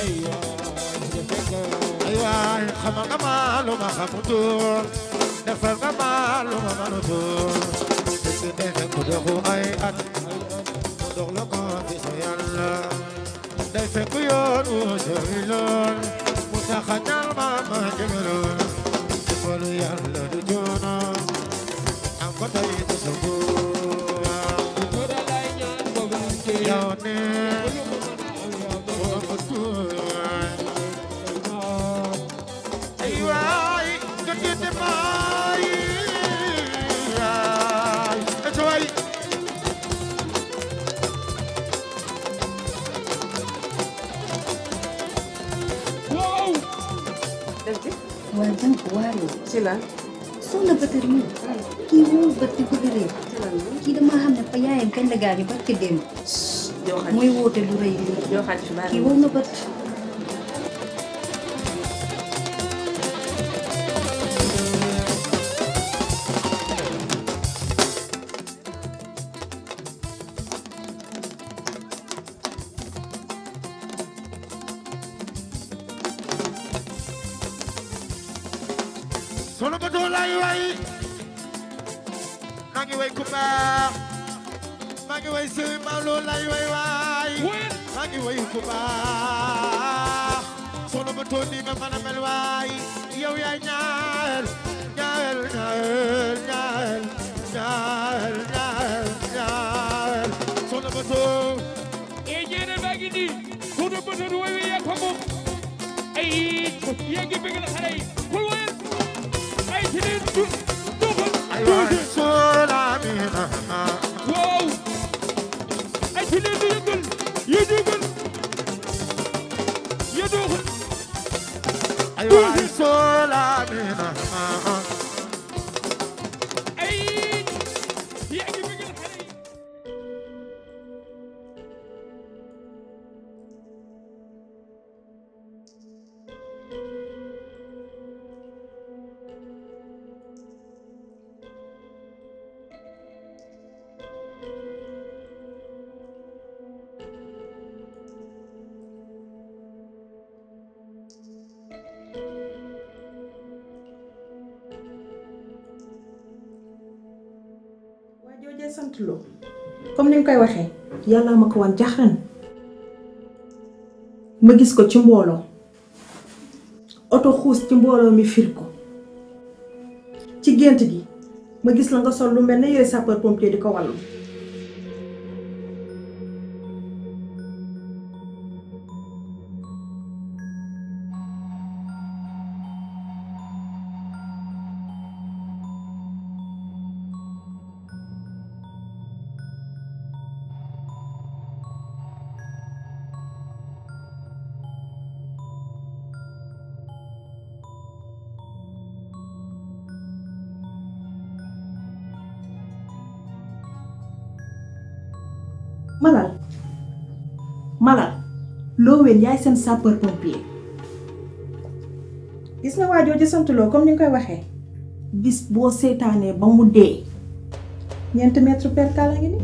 ay waay ay waay nga ma lu ma xamutoon defal nga ma lu ma mënutoon si defe ku doxu ay at ku dox la ko fi sa yàlla day fekk yoon wu sori lool mu tax a ñaar ma ma jëme lool ci folu yàlla du joono am ko tey du sa buur yow waaw jën ko waalo. ci lan. soxna Bator mii. kii wóorul bët di bëgg réer. kii damaa xam ne fa yaayam kañ la gaañu ba ci démb. muy woote lu rëy kii wóor na lañ koy waxee yàlla ma ko wan jaxran ma gis ko ci mbooloo oto xuus ci mbooloo mi fir ko ci gént gi ma gis la nga sol lu mel ne yére sapeur pompier di ko wàllu malal malal looween yaay seen sapeur pompier gis na waajoo ci sant loo comme ni koy waxee bis boo seetaanee ba mu dee ñeenti mètre per kala ngi ni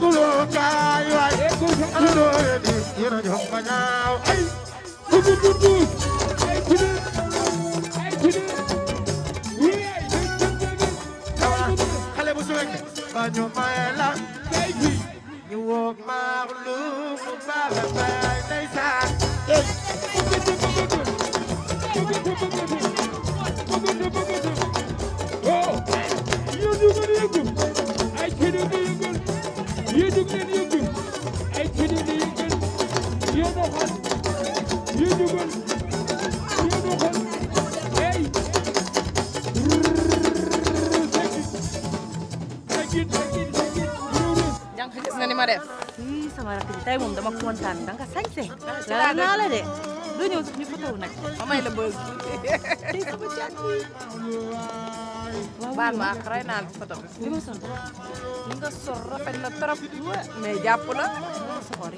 kulo kai wai kulo ni yena jong manyao ai kubu kubu ai kubu ai kubu yei kale bu suwek ba nyo maela baby you walk my blue ba ba ba dai sa rakk ji tey moom dama kontaan danga sañse laa naa la de doo ñëw sax ñu foto nag ma may la bëgg tey sama caat bi ma ak rey la foto bi nga sol rafet na trop mais jàpp la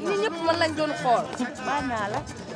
ñi ñëpp mën lañ doon xool baal naa la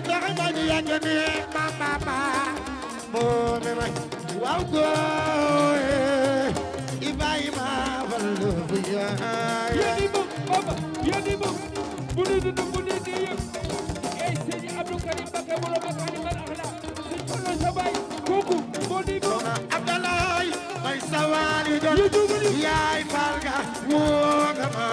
taxamani yanga ne ma ma ma mo me ma wow go Ibrahima wallu buya yeni bo baba yeni bo buni du du buni de ye ay Seydi Abdou Karim Mbacké mo lo ko ani man akhla ci ko sa bay koku boni bo Abdoulaye may sawali do yaay falga mo gama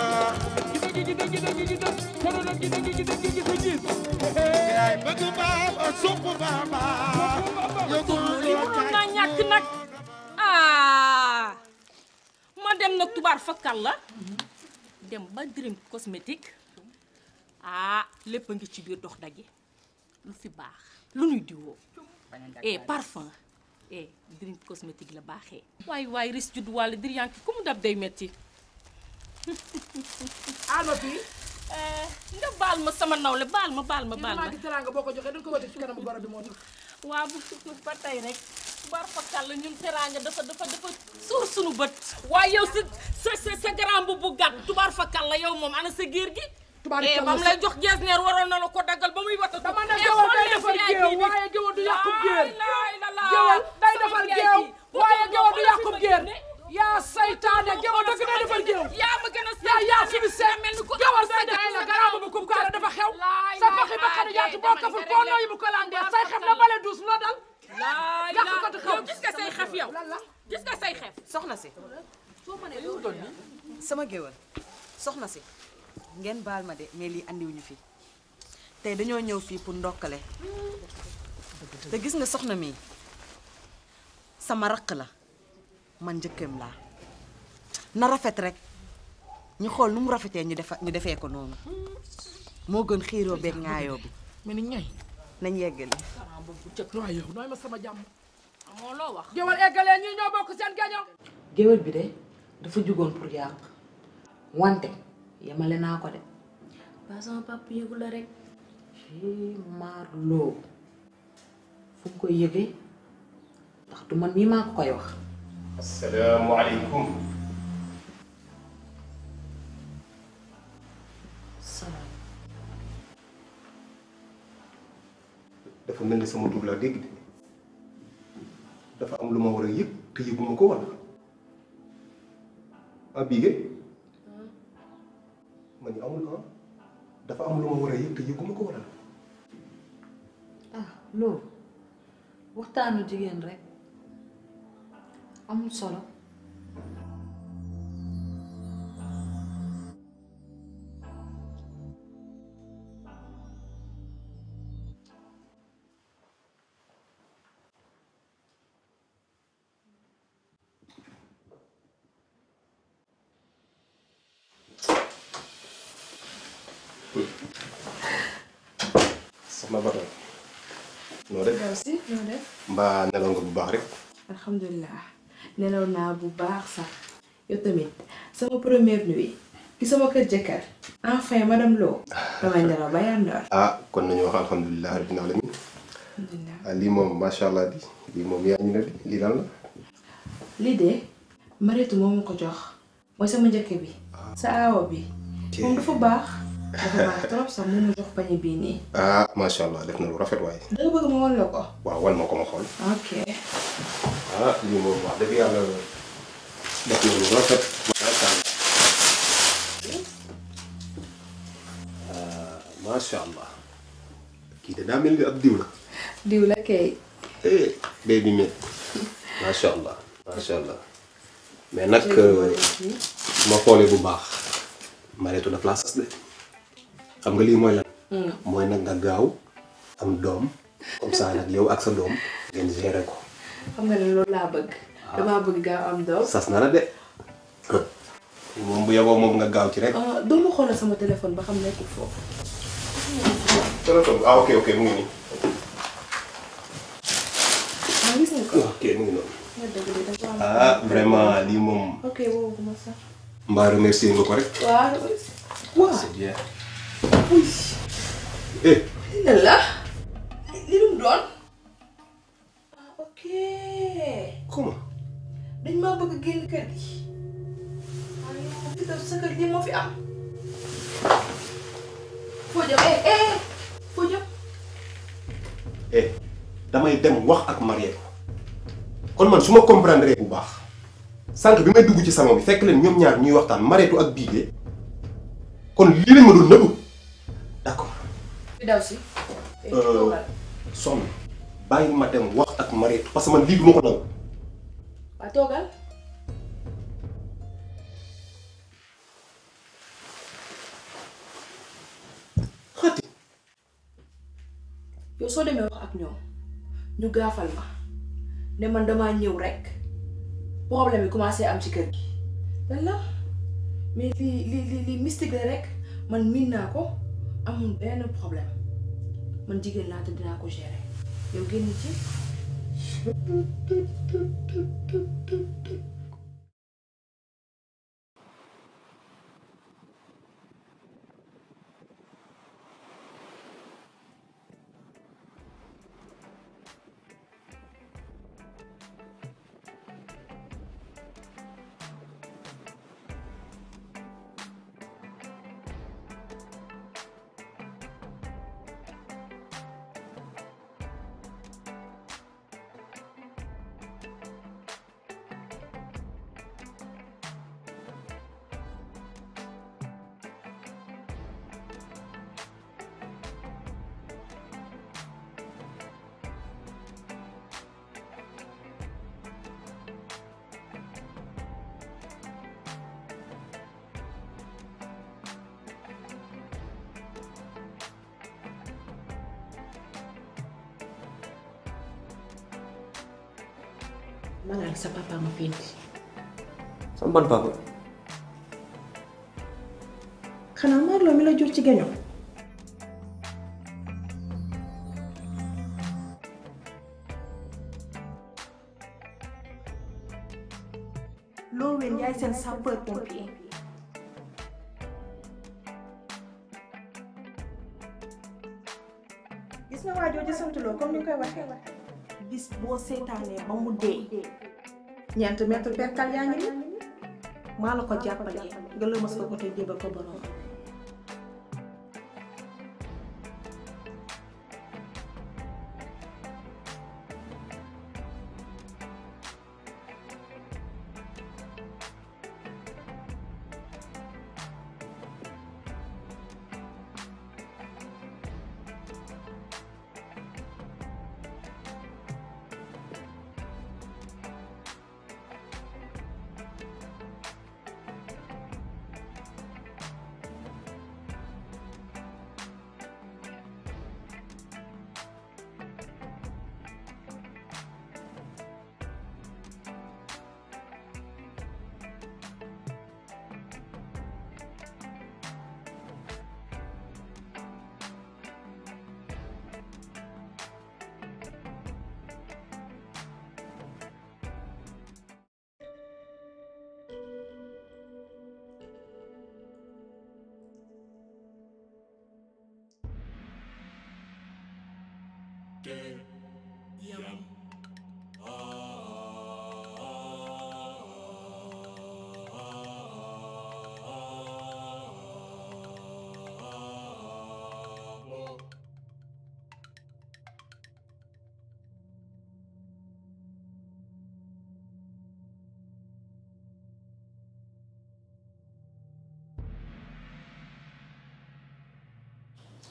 li mënoon naa ñàkk nag ah ma dem nag tubaar fakkal la dem ba Dream Cosmétique ah lépp a ngi ci biir dox daje lu fi baax lu ñuy diwoo eh parfum eh Dream Cosmétique la baaxee. waay waay risque juddu wàll ku mu dab day metti allo fii eh, nga bal ma sama nawle baal ma baal ma baal ma gis teranga boo ko joxee duñ ko wate ci kanam borom bi moo tax waaw bu ba tey rek bar fakkal ñun teranga dafa dafa dafa suur sunu bët waaye yow sa sa sa grand bu bu gàtt tubaar fakkal la yow moom ana sa géer gi tubaar fakkal eh, bam lay jox gees neer waroon na la ko daggal ba muy wata dama na eh, géewal day defar géew waaye géewal du yàqub géer géewal day defar géew waaye géewal du yàqub géer yaa saytaane gewal dëgg na defal géew yaa ma gën a yaa yaa fi bi seet mel ni ku gewal say gaay la garaama bu kum kaara dafa xew sa baxi baxari yaatu boo kaful boo nooyi bu ko landee say xef na bale duus loo dal yàq ko di xew gis nga say xef yow gis nga say xef soxna si soo mënee lu doon ni sama géwal soxna si ngeen baal ma de mais lii andiwuñu fii tey dañoo ñëw fii pour ndokkale te gis nga soxna mi sama raq la man njëkkeem laa na rafet rek ñu xool nu mu rafetee ñu defa ñu defee ko noonu moo gën xiiroo beeg ŋaayoo bi. mais ni ñooy. nañ yeggale. ah boobu cëkk loo wax. géwél ñoo bokk seen gaño. géwél bi de dafa jugoon pour yàq wante yemale naa ko de. ba sama papa yëgu rek. ci Marlo fu mu koy yëgee ndax du man mii maa ko koy wax. السلام عليكم السلام dafa mel ni sama dugub laa dégg dafa am lu ma war a yëg te yëguma ko wala ah Bigué man ñu amul ah dafa am lu ma war a yëg te yëguma ko wala ah loolu waxtaanu jigéen rek أم الصلاة soxna Bada. noo def. merci noo def. mbaa nelaw nga bu baax rek. alhamdulilah. nelaw naa bu baax sax yow tamit sama première nuit ci sama kër jëkkër enfin madame Lo damay nelaw ba yàndoor ah kon nañu wax alhamdulilah rabbil alamin ah, ne lii lan ko jox njëkk bi ah. sa aawa ah, def na lu rafet waaye ma ko ma xool ok ah ñu allah kii de daa mel ni ab diw la. diw la allah macha allah mais nag ma xoolee bu baax Marietou daf laa sas de xam nga lii mooy lan. mooy nag nga gaaw am doom comme ça nag yow ak sa doom ngeen gérer ko. xam nga loolu laa bëgg. Ah. damaa bëgg gaaw am doom. sas na la de. moom bu yeboo moom nga gaaw ci rek. Ah, ma xoolal sama téléphone ba xam nekkul foofu. téléphone ah ok ok mu ngi nii. ah gis nga ko. ok mu ngi noonu. ah, ah vraiment lii moom. ok woo ma sax. mbaa remercier nga ko rek. waaw bien. eh. la li mu doon. comment dañ maa bëgg génn kër gi waaye yow fi daf sa kër fi am foo eh eh foo eh, eh damay dem wax ak marié ko kon man su ma comprendre bu baax sànq bi may dugg ci salon bi fekk leen ñoom ñaar ñuy waxtaan mareetu ak biige kon lii lañ ma doon nëbbu d'accord. fi daw si. Eh, eh, kan? sonn bàyyi ma dem wax ak mareetu parce que man lii du ma ko waa toogal xëti yow soo demee wax ak ñoom ñu gaafal ma ne man damaa ñëw rekk problème yi commencé am ci kër gi lan la mais lii lii lii mystique la rekk man miin naa ko amul benn problème man jigéen laa te dinaa ko gérer yow génn ci shit. man papa xanaa lo mi la jur ci geño lo wen yaay sen sapeur pompier gis na comme ni koy bis boo seetaanee ba mu dee ñeent mètre maa la ko jàppalee nga lëmas ko ko te jébal ko borom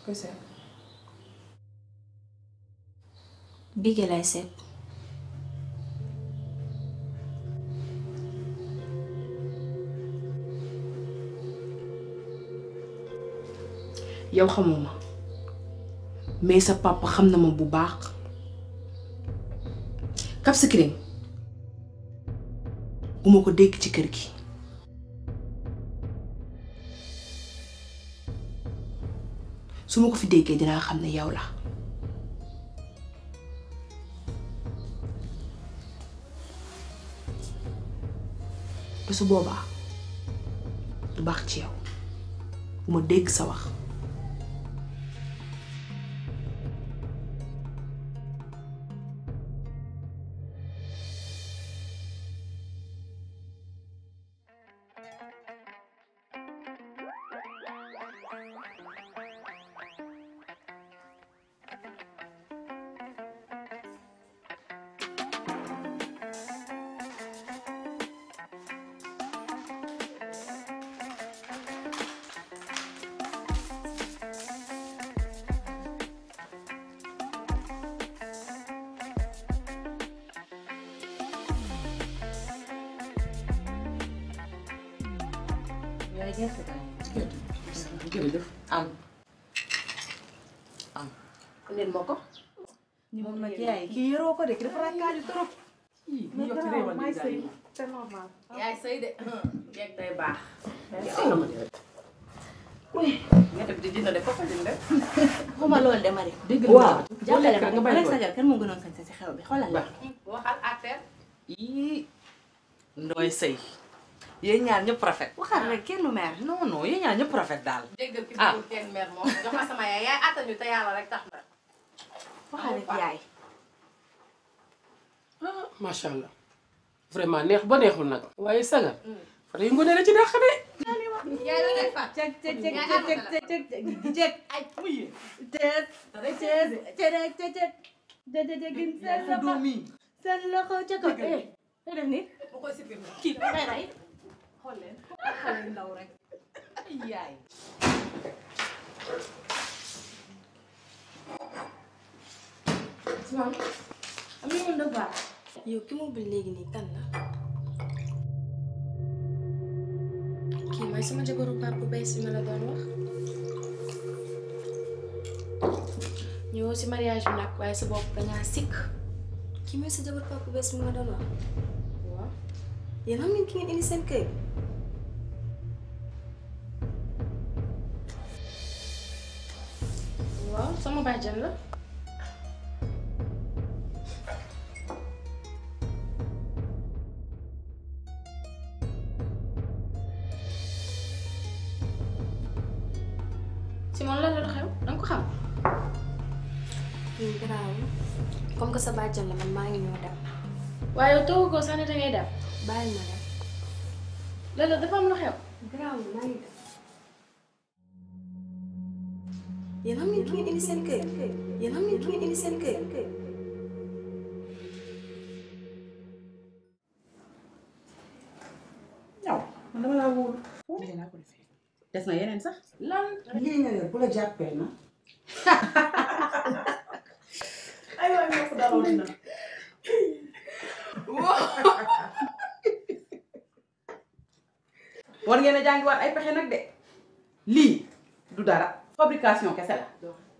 跟谁？bige lay seet yow xamuma mais sa papa xam na ma bu baax Cap Skirring bu ma ko dégg ci kër gi su ma ko fi déggee dinaa xam ne yow la te su boobaa du baax ci yow bu ma dégg sa wax boole gerte moom nag yaay kii yoroo ko de ki dafa trop. yaay sëy de yeeg day baax. nga def di dina de foofa de Marie. dëgg la sa moo gënoon sañ si xew bi xoolal la. waxal yéen ñaar ñëpp rafet. Ah. waxal rek kenn mer non non yéen ñaar ñëpp rafet daal. ah dégg kenn mer moom jox ma sama yaay yaay attañu te yàlla rek tax na. waxal rek ah, yaay. ah macha allah vraiment neex ba neexul nag. waaye sagar. Hmm. fa yu ngoonee la ci dàq de. yaay la lay fàtt. cëg cëg cëg cëg cëg cëg ay muy. cëg cëg cëg cëg cëg. déedéet seen loxo seen loxo ca kaw. eh def eh, ni bu ko sippee kii dafay rey. xool leen xale yu ndaw yaay maam am na woon baax bu bees bi ma la doon wax ñëwoo si mariage bi nag waaye sa bopp dangaa sikk kii mooy sa jabaru pap bu bees bi ma doon wax Ya not mungkin ini innocent ke? Wow, sama bàjjan la. Simon lan la doon xew kamu. nga ko xam. garaaw comme que sa Wah itu man tidak ada. bàyyi ma rek. Lalla dafa am lu xew. garaaw maa ngi dem. yéen xam ngeen ki ngeen indi seen kër yéen xam ngeen ki ngeen indi seen kër. yow man dama laa wóolu. des na yeneen sax. lan lii nga yor bu la jàppee na. aywa ñoo ko daloon na. war ngeen a jàngiwaat ay pexe nag de lii du dara fabrication kese la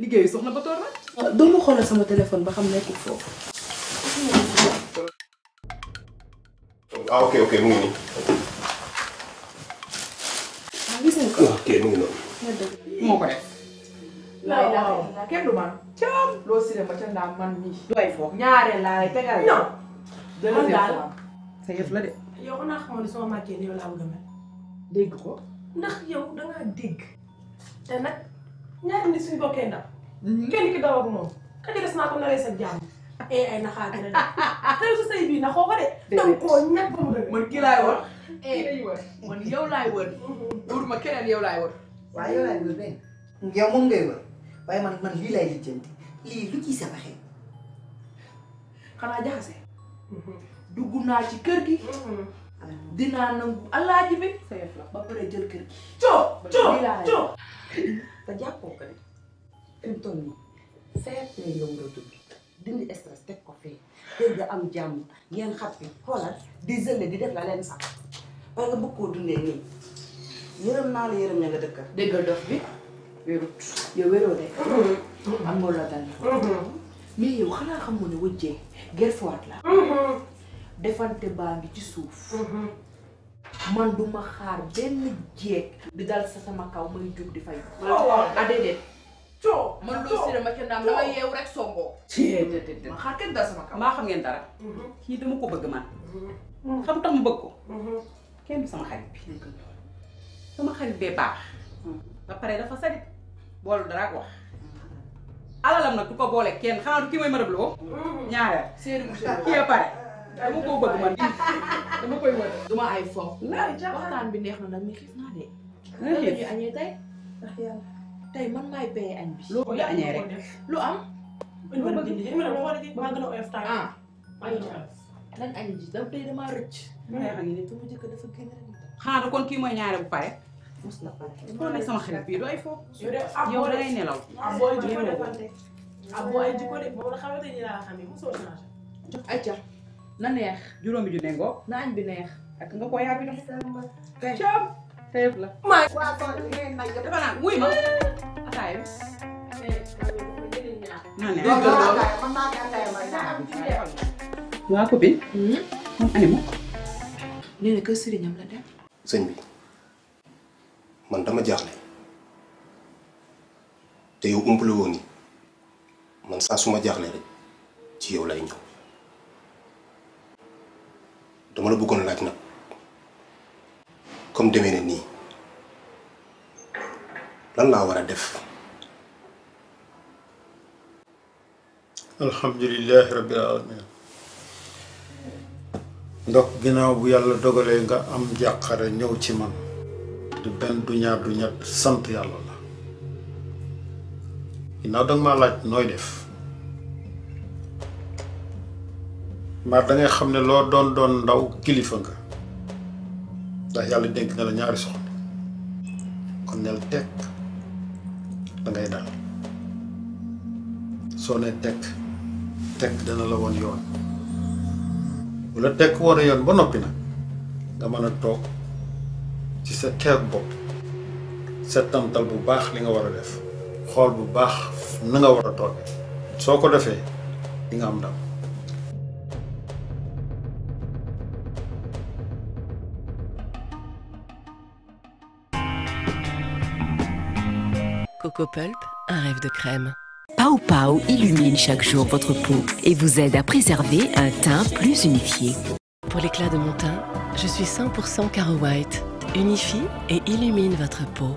liggéeyu soxna ba toor na doo ma sama téléphone ba xam ne foofu ah, ngi nii ah gis ah, kenn du man caam loo si ma ca ndaa man mii doy foofu ñaareel laa lay tegal non sa yëf la de yow xanaa xamoon soo màggee yow laa bëgg a dégg ko. ndax yow da ngaa dégg. te nag ñaari nit suñu bokkee ndaw. Mhm. kenn ki daw ak moom. ka ci des naa ko naree sa jàmm. ay ay naxaate la de. tey su say bii naxoo ko de. dëgg koo ñàkk ba mu dëgg. man kii laay war. Eh, kii laay war man yow laay war. pour mhm. ma keneen yow laay war. waaw yow laay war benn. yow moom ngay war waaye man man lii laay lijjanti lii lu ciy sa baxee. xanaa jaxase. dugg naa ci kër gi. Mhm. dinaa nangu alaaji bi. ba pare jël kër gi. coo coo coo. te jàppoo ko ne fi mu nii fexe la yow nga dugg dindi stress teg ko fee kër ga am jàmm ngeen xam fi xoolal di zëlle di def la leen sax parce que bëgg koo dundee nii yërëm naa la yërëm ña nga dëkk. déggal dof bi. wérut yow wéroo de. am nga loo dal. Mm-hmm. mais yow xanaa xam nga ne wëjjee gertewaat la. Mm-hmm. defante baangi ci souf mhm. man duma xaar benn jeeg di dal sa sama kaw may jug di fay oh, adédéet ah, coo man do sire ma ci ndam dama yew rek ci ma xaar ken dal sama kaw ma xam ngeen dara mhm. ki dama ko bëgg man mhm. xam tax mu bëgg ko ken sama xarit bi sama xarit be ba ba pare dafa sarit boolu dara alalam du ko boole kenn xanaa du kii mooy mërëb loo ñaareel pare dama koo bëgg man dama koy wër. duma ay fo. waxtaan bi neex na nag mais xiif naa de. lan la ñuy añee tey. ndax yàlla tey man maay paye añ bi. loo bëgg lu am. lu bëgg ma maa gën a oyof taal. ah maa ngi nañ añ ji daf tey damaa rëcc. maa ngi ne sama jëkkër dafa génn rek. kon kii mooy ñaare bu pare. mos na pare koo nekk sama xarit bii dooy fo. yow da ngay nelaw. ah booy jikko defante ah booy jikko de boo xamante ni laa xamee na neex juróomi ju nengoo na añ bi neex ak nga ko yaa bi la bi na neex waa ko bi hmm? moom animu nee na kër sëriñam la dem sëñ bi man dama jaaxle te yow umpale woon ni man saa suma jaaxle rek ci yow lay ñëw dama la bëggoon laaj nag comme deme ne nii lan laa war a def. alhamdulilah rabbil alamin ndox ginnaaw bu yàlla dogalee nga am jàqare ñëw ci man du benn du ñaar du ñett sant yàlla la ginnaaw danga maa laaj nooy def maar da xam ne loo doon doon ndaw kilifa nga ndax yàlla dénk na la ñaari soxna kon nel tekk da ngay soo ne tekk tekk dana la woon yoon wala tekk woon yoon ba noppi nag nga mën a toog ci sa teeg bopp settantal bu baax li nga war a def xool bu baax na nga war a toog soo ko defee di nga am ndam un rêve de crème. Pau Pau illumine chaque jour votre peau et vous aide à préserver un teint plus unifié. Pour l'éclat de mon teint, je suis 100% Caro White. Unifie et illumine votre peau.